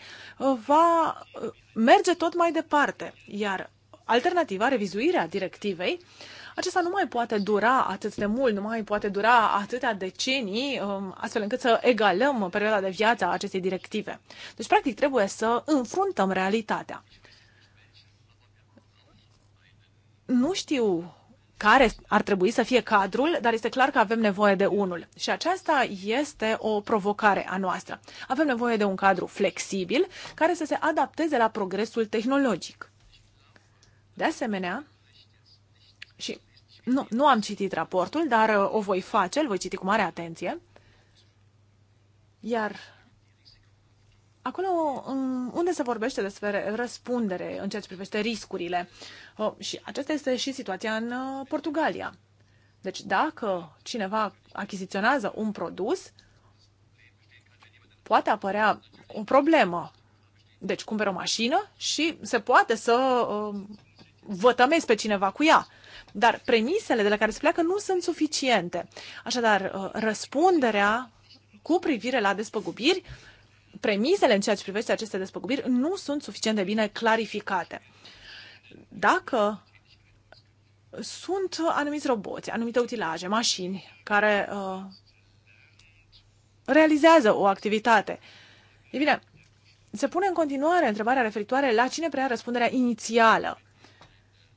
va merge tot mai departe, iar alternativa, revizuirea directivei, uh, acesta nu mai poate dura atât de mult, nu mai poate dura atâtea decenii, um, astfel încât să egalăm perioada de viață a acestei directive. Deci, practic, trebuie să înfruntăm realitatea. Nu știu care ar trebui să fie cadrul, dar este clar că avem nevoie de unul. Și aceasta este o provocare a noastră. Avem nevoie de un cadru flexibil care să se adapteze la progresul tehnologic. De asemenea, nu, nu am citit raportul, dar uh, o voi face, îl voi citi cu mare atenție. Iar acolo um, unde se vorbește despre răspundere în ceea ce privește riscurile, oh, și aceasta este și situația în uh, Portugalia. Deci dacă cineva achiziționează un produs, poate apărea o problemă. Deci cumpere o mașină și se poate să uh, vătămezi pe cineva cu ea. Dar premisele de la care se pleacă nu sunt suficiente. Așadar, uh, răspunderea cu privire la despăgubiri, premisele în ceea ce privește aceste despăgubiri nu sunt suficient de bine clarificate. Dacă sunt anumiți roboți, anumite utilaje, mașini care uh, realizează o activitate. E bine, se pune în continuare întrebarea referitoare la cine preia răspunderea inițială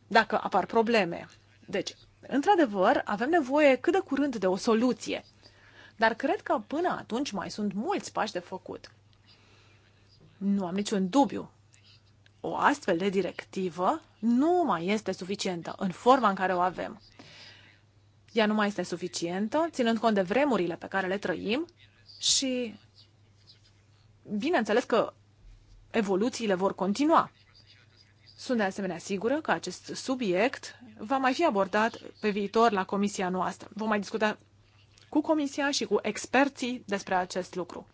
dacă apar probleme. Deci, într-adevăr, avem nevoie cât de curând de o soluție. Dar cred că până atunci mai sunt mulți pași de făcut. Nu am niciun dubiu. O astfel de directivă nu mai este suficientă în forma în care o avem. Ea nu mai este suficientă, ținând cont de vremurile pe care le trăim și bineînțeles că evoluțiile vor continua. Sunt de asemenea sigură că acest subiect va mai fi abordat pe viitor la comisia noastră. Vom mai discuta cu comisia și cu experții despre acest lucru.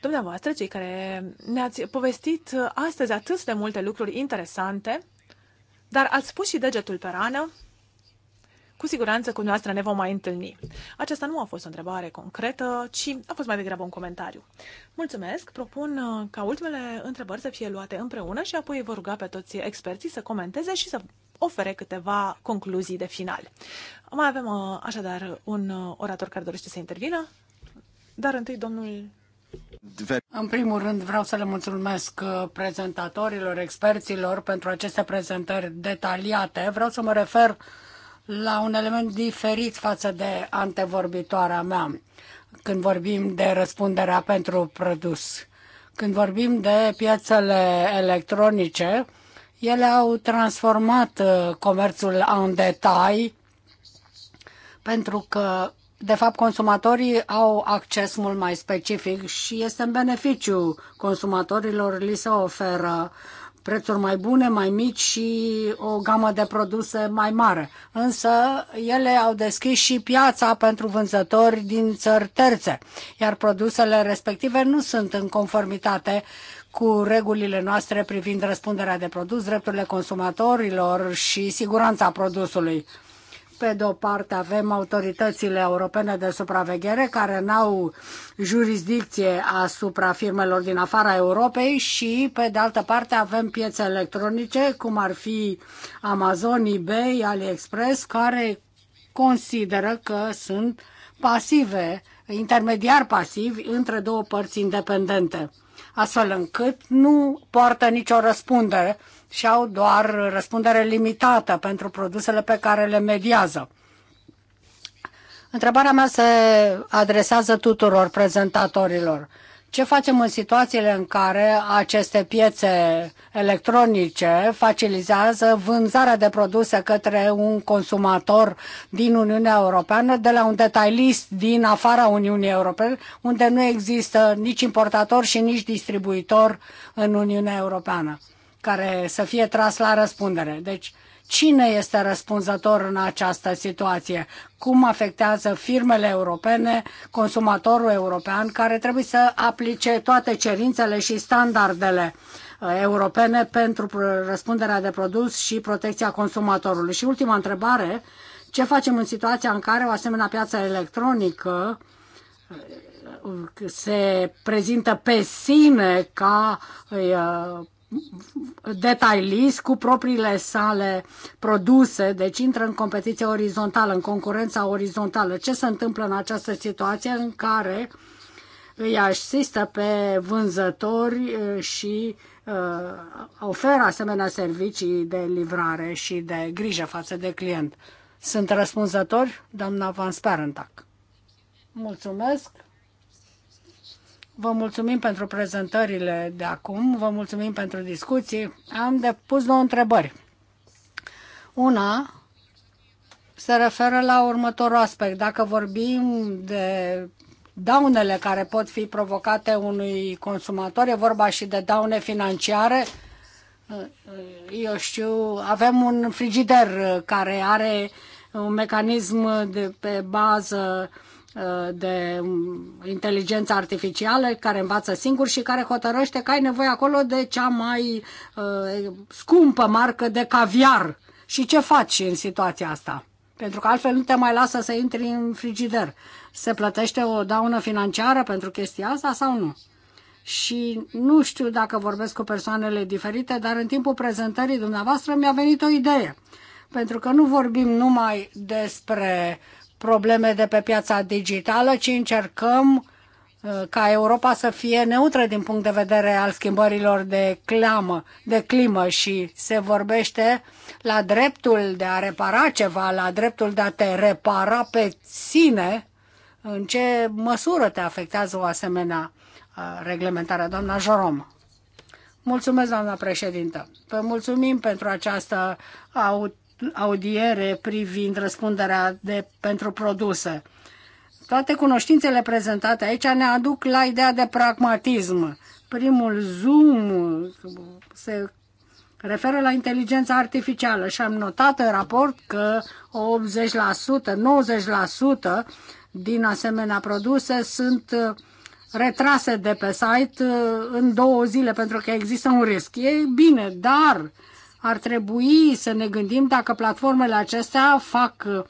Dumneavoastră, cei care ne-ați povestit astăzi atât de multe lucruri interesante, dar ați pus și degetul pe rană cu siguranță cu noastră ne vom mai întâlni. Aceasta nu a fost o întrebare concretă, ci a fost mai degrabă un comentariu. Mulțumesc, propun uh, ca ultimele întrebări să fie luate împreună și apoi vă ruga pe toți experții să comenteze și să ofere câteva concluzii de final. Mai avem uh, așadar un uh, orator care dorește să intervină, dar întâi domnul în primul rând vreau să le mulțumesc prezentatorilor, experților pentru aceste prezentări detaliate. Vreau să mă refer la un element diferit față de antevorbitoarea mea când vorbim de răspunderea pentru produs. Când vorbim de piețele electronice, ele au transformat uh, comerțul în detai pentru că, de fapt, consumatorii au acces mult mai specific și este în beneficiu consumatorilor, li se oferă uh, prețuri mai bune, mai mici și o gamă de produse mai mare. Însă ele au deschis și piața pentru vânzători din țări terțe, iar produsele respective nu sunt în conformitate cu regulile noastre privind răspunderea de produs, drepturile consumatorilor și siguranța produsului. Pe de o parte avem autoritățile europene de supraveghere care n-au jurisdicție asupra firmelor din afara Europei și pe de altă parte avem piețe electronice cum ar fi Amazon, eBay, AliExpress care consideră că sunt pasive, intermediari pasivi între două părți independente, astfel încât nu poartă nicio răspundere și au doar răspundere limitată pentru produsele pe care le mediază. Întrebarea mea se adresează tuturor prezentatorilor. Ce facem în situațiile în care aceste piețe electronice facilizează vânzarea de produse către un consumator din Uniunea Europeană de la un detailist din afara Uniunii Europene, unde nu există nici importator și nici distribuitor în Uniunea Europeană? care să fie tras la răspundere. Deci, cine este răspunzător în această situație? Cum afectează firmele europene, consumatorul european, care trebuie să aplice toate cerințele și standardele uh, europene pentru răspunderea de produs și protecția consumatorului? Și ultima întrebare, ce facem în situația în care o asemenea piață electronică uh, se prezintă pe sine ca uh, detailist cu propriile sale produse, deci intră în competiție orizontală, în concurența orizontală. Ce se întâmplă în această situație în care îi asistă pe vânzători uh, și uh, oferă asemenea servicii de livrare și de grijă față de client? Sunt răspunzători, doamna Van Sperentac. Mulțumesc! Vă mulțumim pentru prezentările de acum, vă mulțumim pentru discuții. Am depus două întrebări. Una se referă la următorul aspect. Dacă vorbim de daunele care pot fi provocate unui consumator, e vorba și de daune financiare. Eu știu, avem un frigider care are un mecanism de pe bază uh, de um, inteligență artificială care învață singur și care hotărăște că ai nevoie acolo de cea mai uh, scumpă marcă de caviar. Și ce faci în situația asta? Pentru că altfel nu te mai lasă să intri în frigider. Se plătește o daună financiară pentru chestia asta sau nu? și nu știu dacă vorbesc cu persoanele diferite, dar în timpul prezentării dumneavoastră mi-a venit o idee. Pentru că nu vorbim numai despre probleme de pe piața digitală, ci încercăm uh, ca Europa să fie neutră din punct de vedere al schimbărilor de, clamă, de climă și se vorbește la dreptul de a repara ceva, la dreptul de a te repara pe sine, în ce măsură te afectează o asemenea uh, reglementare, doamna Jorom? Mulțumesc, doamna președintă. Vă mulțumim pentru această aut audiere privind răspunderea de, pentru produse. Toate cunoștințele prezentate aici ne aduc la ideea de pragmatism. Primul zoom se referă la inteligența artificială și am notat în raport că 80%, 90% din asemenea produse sunt retrase de pe site în două zile pentru că există un risc. E bine, dar ar trebui să ne gândim dacă platformele acestea fac uh,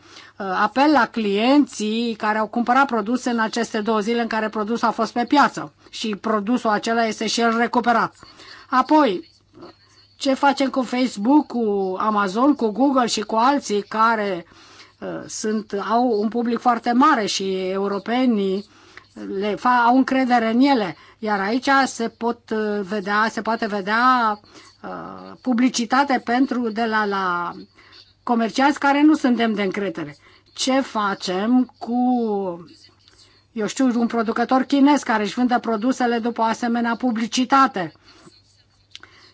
apel la clienții care au cumpărat produse în aceste două zile în care produsul a fost pe piață și produsul acela este și el recuperat. Apoi, ce facem cu Facebook, cu Amazon, cu Google și cu alții care uh, sunt, au un public foarte mare și europenii le fa, au încredere în ele. Iar aici se pot uh, vedea, se poate vedea Uh, publicitate pentru de la, la comercianți care nu sunt demn de încredere. Ce facem cu, eu știu, un producător chinez care își vândă produsele după o asemenea publicitate?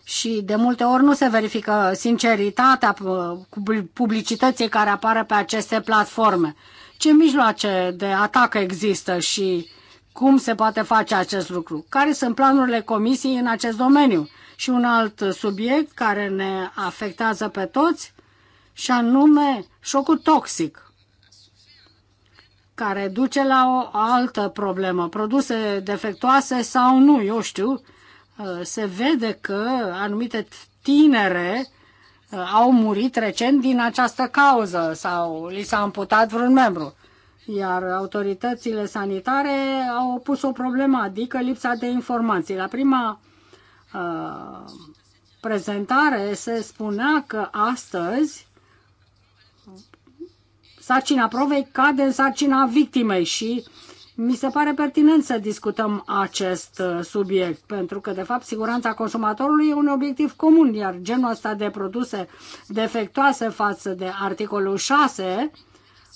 și de multe ori nu se verifică sinceritatea uh, publicității care apare pe aceste platforme. Ce mijloace de atac există și cum se poate face acest lucru? Care sunt planurile comisiei în acest domeniu? și un alt subiect care ne afectează pe toți, și anume șocul toxic, care duce la o altă problemă, produse defectoase sau nu, eu știu, uh, se vede că anumite tinere uh, au murit recent din această cauză sau li s-a amputat vreun membru. Iar autoritățile sanitare au pus o problemă, adică lipsa de informații. La prima Uh, prezentare se spunea că astăzi sarcina provei cade în sarcina victimei și mi se pare pertinent să discutăm acest uh, subiect, pentru că, de fapt, siguranța consumatorului e un obiectiv comun, iar genul ăsta de produse defectoase față de articolul 6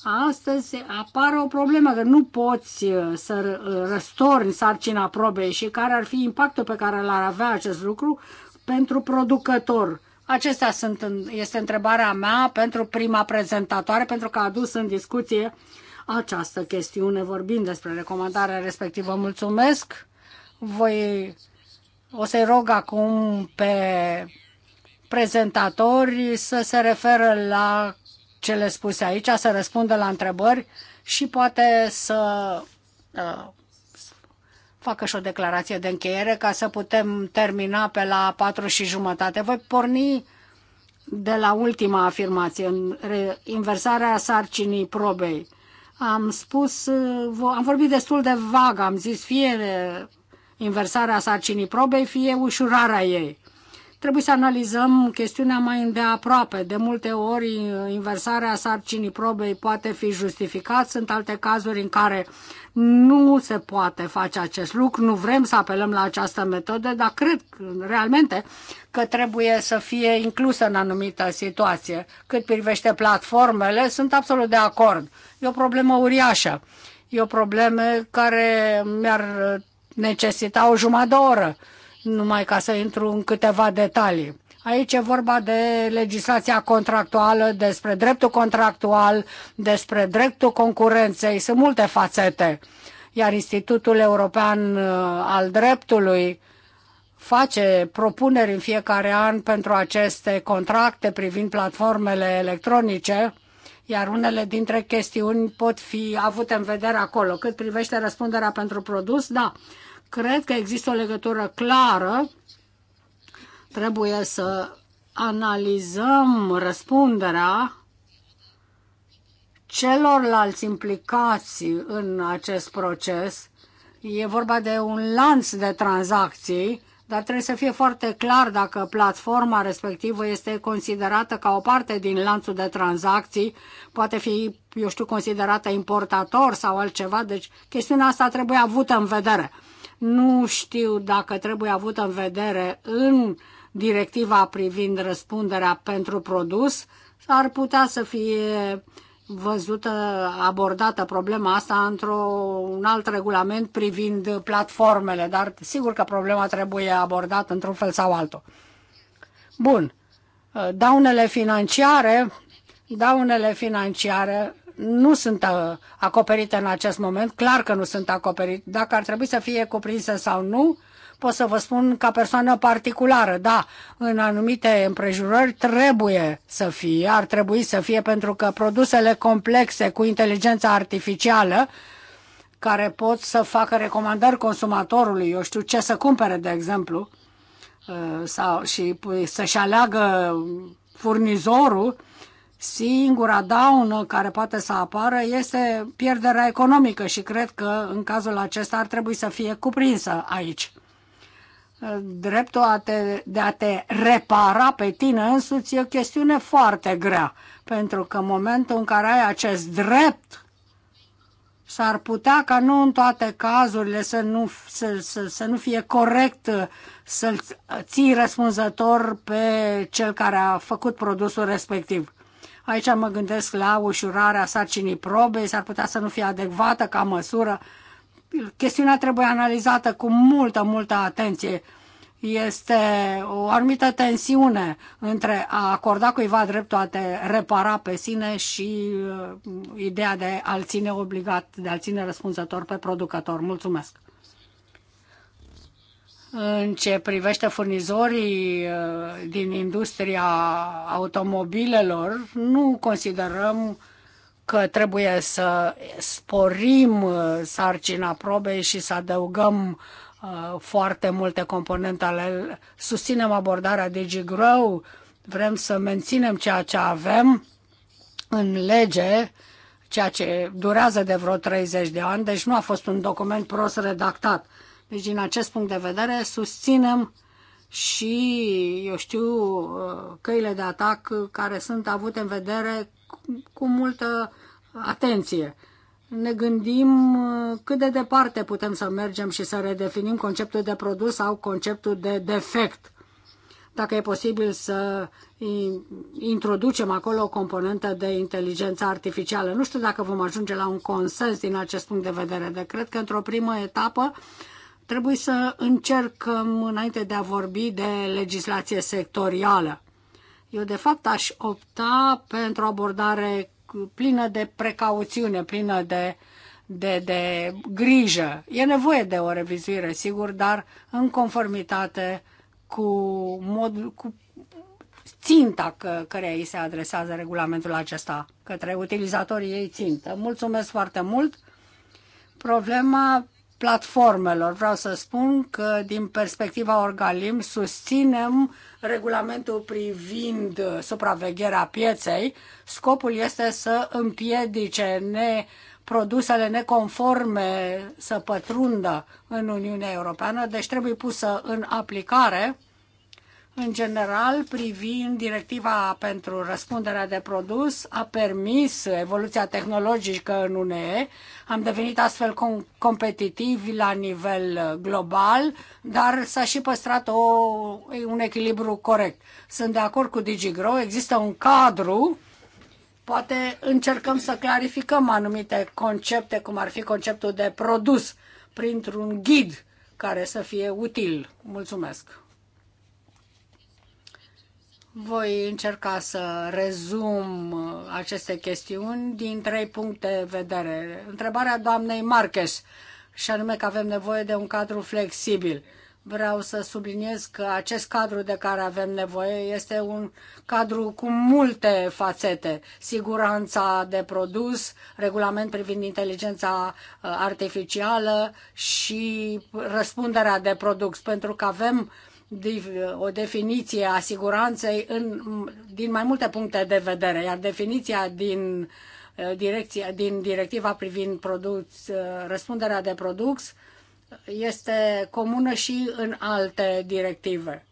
astăzi apare o problemă că nu poți uh, să uh, răstorni sarcina probei și care ar fi impactul pe care l-ar avea acest lucru pentru producător. Acestea sunt, este întrebarea mea pentru prima prezentatoare, pentru că a adus în discuție această chestiune, vorbind despre recomandarea respectivă. Mulțumesc! Voi, o să-i rog acum pe prezentatori să se referă la cele spuse aici, să răspundă la întrebări și poate să uh, facă și o declarație de încheiere ca să putem termina pe la patru și jumătate. Voi porni de la ultima afirmație, în inversarea sarcinii probei. Am spus, uh, am vorbit destul de vag, am zis fie inversarea sarcinii probei, fie ușurarea ei. Trebuie să analizăm chestiunea mai îndeaproape. De multe ori, inversarea sarcinii probei poate fi justificat. Sunt alte cazuri în care nu se poate face acest lucru. Nu vrem să apelăm la această metodă, dar cred realmente că trebuie să fie inclusă în anumită situație. Cât privește platformele, sunt absolut de acord. E o problemă uriașă. E o problemă care mi-ar necesita o jumătate de oră numai ca să intru în câteva detalii. Aici e vorba de legislația contractuală, despre dreptul contractual, despre dreptul concurenței. Sunt multe fațete. Iar Institutul European uh, al Dreptului face propuneri în fiecare an pentru aceste contracte privind platformele electronice, iar unele dintre chestiuni pot fi avute în vedere acolo. Cât privește răspunderea pentru produs, da, Cred că există o legătură clară. Trebuie să analizăm răspunderea celorlalți implicați în acest proces. E vorba de un lanț de tranzacții, dar trebuie să fie foarte clar dacă platforma respectivă este considerată ca o parte din lanțul de tranzacții, poate fi, eu știu, considerată importator sau altceva, deci chestiunea asta trebuie avută în vedere. Nu știu dacă trebuie avut în vedere în directiva privind răspunderea pentru produs, ar putea să fie văzută, abordată problema asta într-un alt regulament privind platformele, dar sigur că problema trebuie abordată într-un fel sau altul. Bun. Daunele financiare, daunele financiare nu sunt uh, acoperite în acest moment, clar că nu sunt acoperite. Dacă ar trebui să fie cuprinse sau nu, pot să vă spun ca persoană particulară, da, în anumite împrejurări trebuie să fie, ar trebui să fie pentru că produsele complexe cu inteligența artificială care pot să facă recomandări consumatorului, eu știu ce să cumpere, de exemplu, uh, sau, și păi, să-și aleagă furnizorul, singura daună care poate să apară este pierderea economică și cred că în cazul acesta ar trebui să fie cuprinsă aici. Dreptul a te, de a te repara pe tine însuți e o chestiune foarte grea, pentru că în momentul în care ai acest drept, s-ar putea ca nu în toate cazurile să nu, să, să, să nu fie corect să-l ții răspunzător pe cel care a făcut produsul respectiv. Aici mă gândesc la ușurarea sarcinii probei, s-ar putea să nu fie adecvată ca măsură. Chestiunea trebuie analizată cu multă, multă atenție. Este o anumită tensiune între a acorda cuiva dreptul a te repara pe sine și uh, ideea de a-l ține obligat, de a-l ține răspunzător pe producător. Mulțumesc! în ce privește furnizorii uh, din industria automobilelor, nu considerăm că trebuie să sporim uh, sarcina probei și să adăugăm uh, foarte multe componente ale. Susținem abordarea DigiGrow, vrem să menținem ceea ce avem în lege, ceea ce durează de vreo 30 de ani, deci nu a fost un document prost redactat deci, din acest punct de vedere, susținem și, eu știu, căile de atac care sunt avute în vedere cu multă atenție. Ne gândim cât de departe putem să mergem și să redefinim conceptul de produs sau conceptul de defect. Dacă e posibil să introducem acolo o componentă de inteligență artificială. Nu știu dacă vom ajunge la un consens din acest punct de vedere, de cred că într-o primă etapă Trebuie să încercăm, înainte de a vorbi de legislație sectorială, eu de fapt aș opta pentru o abordare plină de precauțiune, plină de, de, de grijă. E nevoie de o revizuire, sigur, dar în conformitate cu, mod, cu ținta că, care îi se adresează regulamentul acesta către utilizatorii ei țintă. Mulțumesc foarte mult! Problema platformelor. Vreau să spun că din perspectiva Orgalim susținem regulamentul privind supravegherea pieței. Scopul este să împiedice ne produsele neconforme să pătrundă în Uniunea Europeană, deci trebuie pusă în aplicare în general, privind directiva pentru răspunderea de produs, a permis evoluția tehnologică în UNE. Am devenit astfel competitivi la nivel global, dar s-a și păstrat o, un echilibru corect. Sunt de acord cu DigiGro, există un cadru poate încercăm să clarificăm anumite concepte, cum ar fi conceptul de produs, printr-un ghid care să fie util. Mulțumesc! Voi încerca să rezum uh, aceste chestiuni din trei puncte de vedere. Întrebarea doamnei Marques, și anume că avem nevoie de un cadru flexibil. Vreau să subliniez că acest cadru de care avem nevoie este un cadru cu multe fațete. Siguranța de produs, regulament privind inteligența uh, artificială și răspunderea de produs, pentru că avem uh, o definiție a siguranței în, din mai multe puncte de vedere, iar definiția din, uh, direcția, din directiva privind produs, uh, răspunderea de produs este comună și în alte directive.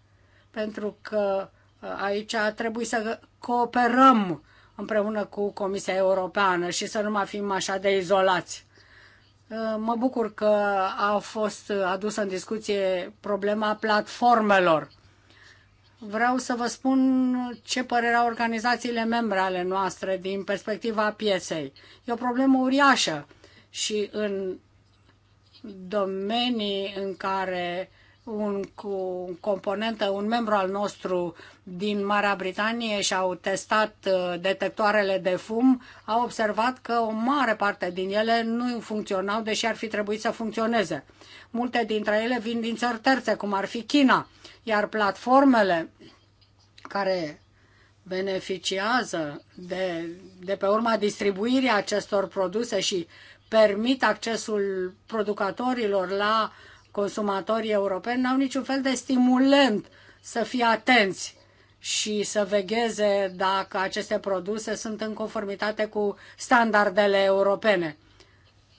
Pentru că uh, aici trebuie să cooperăm împreună cu Comisia Europeană și să nu mai fim așa de izolați. Mă bucur că a fost adusă în discuție problema platformelor. Vreau să vă spun ce părere au organizațiile membre ale noastre din perspectiva piesei. E o problemă uriașă și în domenii în care un, cu componentă, un membru al nostru din Marea Britanie și au testat uh, detectoarele de fum, au observat că o mare parte din ele nu funcționau, deși ar fi trebuit să funcționeze. Multe dintre ele vin din țări terțe, cum ar fi China, iar platformele care beneficiază de, de pe urma distribuirii acestor produse și permit accesul producătorilor la uh, consumatorii europeni n-au niciun fel de stimulant să fie atenți și să vegheze dacă aceste produse sunt în conformitate cu standardele europene.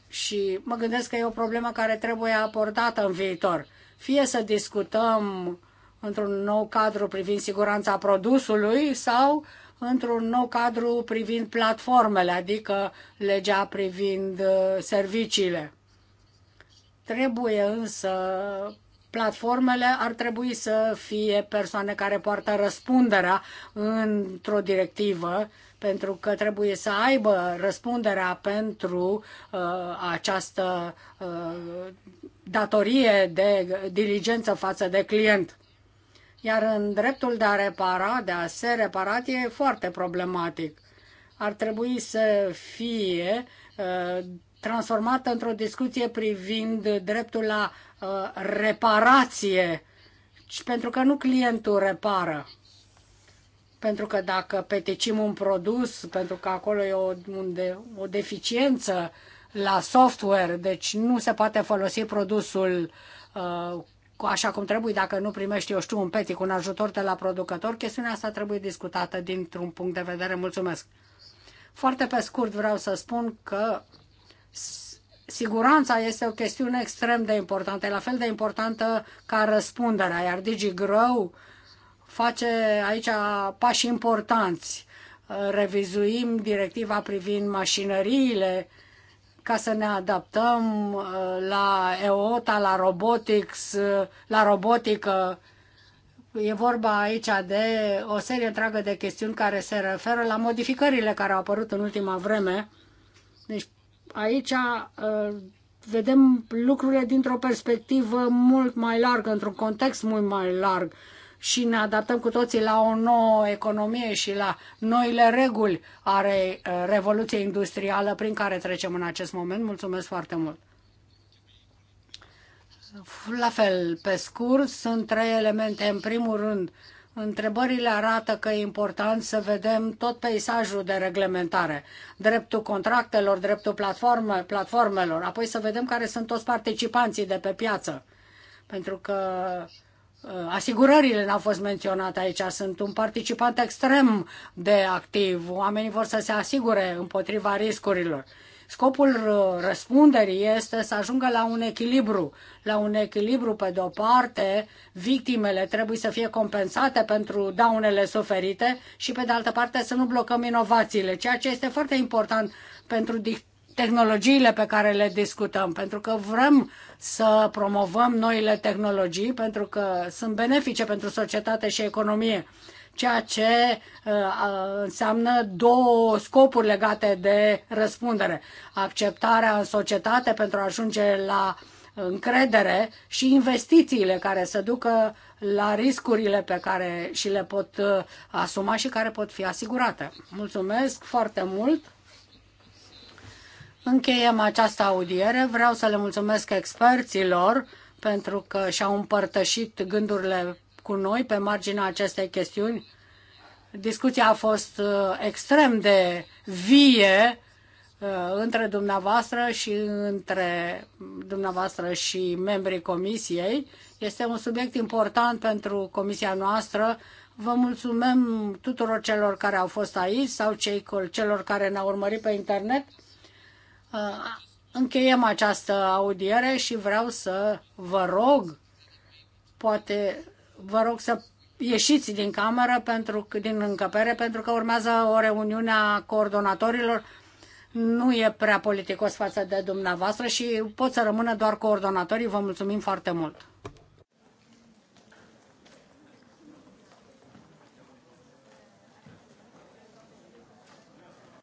Și mă gândesc că e o problemă care trebuie aportată în viitor. Fie să discutăm într-un nou cadru privind siguranța produsului sau într-un nou cadru privind platformele, adică legea privind uh, serviciile. Trebuie însă platformele ar trebui să fie persoane care poartă răspunderea într-o directivă, pentru că trebuie să aibă răspunderea pentru uh, această uh, datorie de diligență față de client. Iar în dreptul de a repara, de a se repara, e foarte problematic. Ar trebui să fie uh, transformată într-o discuție privind dreptul la uh, reparație, pentru că nu clientul repară. Pentru că dacă peticim un produs, pentru că acolo e o, unde, o deficiență la software, deci nu se poate folosi produsul uh, așa cum trebuie, dacă nu primești, eu știu, un petic, un ajutor de la producător, chestiunea asta trebuie discutată dintr-un punct de vedere. Mulțumesc! Foarte pe scurt vreau să spun că siguranța este o chestiune extrem de importantă, la fel de importantă ca răspunderea, iar DigiGrow face aici pași importanți. Revizuim directiva privind mașinăriile ca să ne adaptăm uh, la EOTA, la robotics, uh, la robotică. E vorba aici de o serie întreagă de chestiuni care se referă la modificările care au apărut în ultima vreme. Deci aici uh, vedem lucrurile dintr-o perspectivă mult mai largă, într-un context mult mai larg și ne adaptăm cu toții la o nouă economie și la noile reguli ale uh, revoluției industrială prin care trecem în acest moment. Mulțumesc foarte mult! La fel, pe scurt, sunt trei elemente. În primul rând, Întrebările arată că e important să vedem tot peisajul de reglementare, dreptul contractelor, dreptul platforme, platformelor, apoi să vedem care sunt toți participanții de pe piață. Pentru că uh, asigurările n-au fost menționate aici, sunt un participant extrem de activ. Oamenii vor să se asigure împotriva riscurilor. Scopul uh, răspunderii este să ajungă la un echilibru. La un echilibru, pe de-o parte, victimele trebuie să fie compensate pentru daunele suferite și, pe de altă parte, să nu blocăm inovațiile, ceea ce este foarte important pentru tehnologiile pe care le discutăm, pentru că vrem să promovăm noile tehnologii, pentru că sunt benefice pentru societate și economie ceea ce uh, uh, înseamnă două scopuri legate de răspundere. Acceptarea în societate pentru a ajunge la încredere și investițiile care se ducă la riscurile pe care și le pot uh, asuma și care pot fi asigurate. Mulțumesc foarte mult! Încheiem această audiere. Vreau să le mulțumesc experților pentru că și-au împărtășit gândurile cu noi pe marginea acestei chestiuni. Discuția a fost uh, extrem de vie uh, între dumneavoastră și între dumneavoastră și membrii comisiei. Este un subiect important pentru comisia noastră. Vă mulțumim tuturor celor care au fost aici sau cei, celor care ne-au urmărit pe internet. Uh, încheiem această audiere și vreau să vă rog, poate vă rog să ieșiți din cameră, pentru, din încăpere, pentru că urmează o reuniune a coordonatorilor. Nu e prea politicos față de dumneavoastră și pot să rămână doar coordonatorii. Vă mulțumim foarte mult!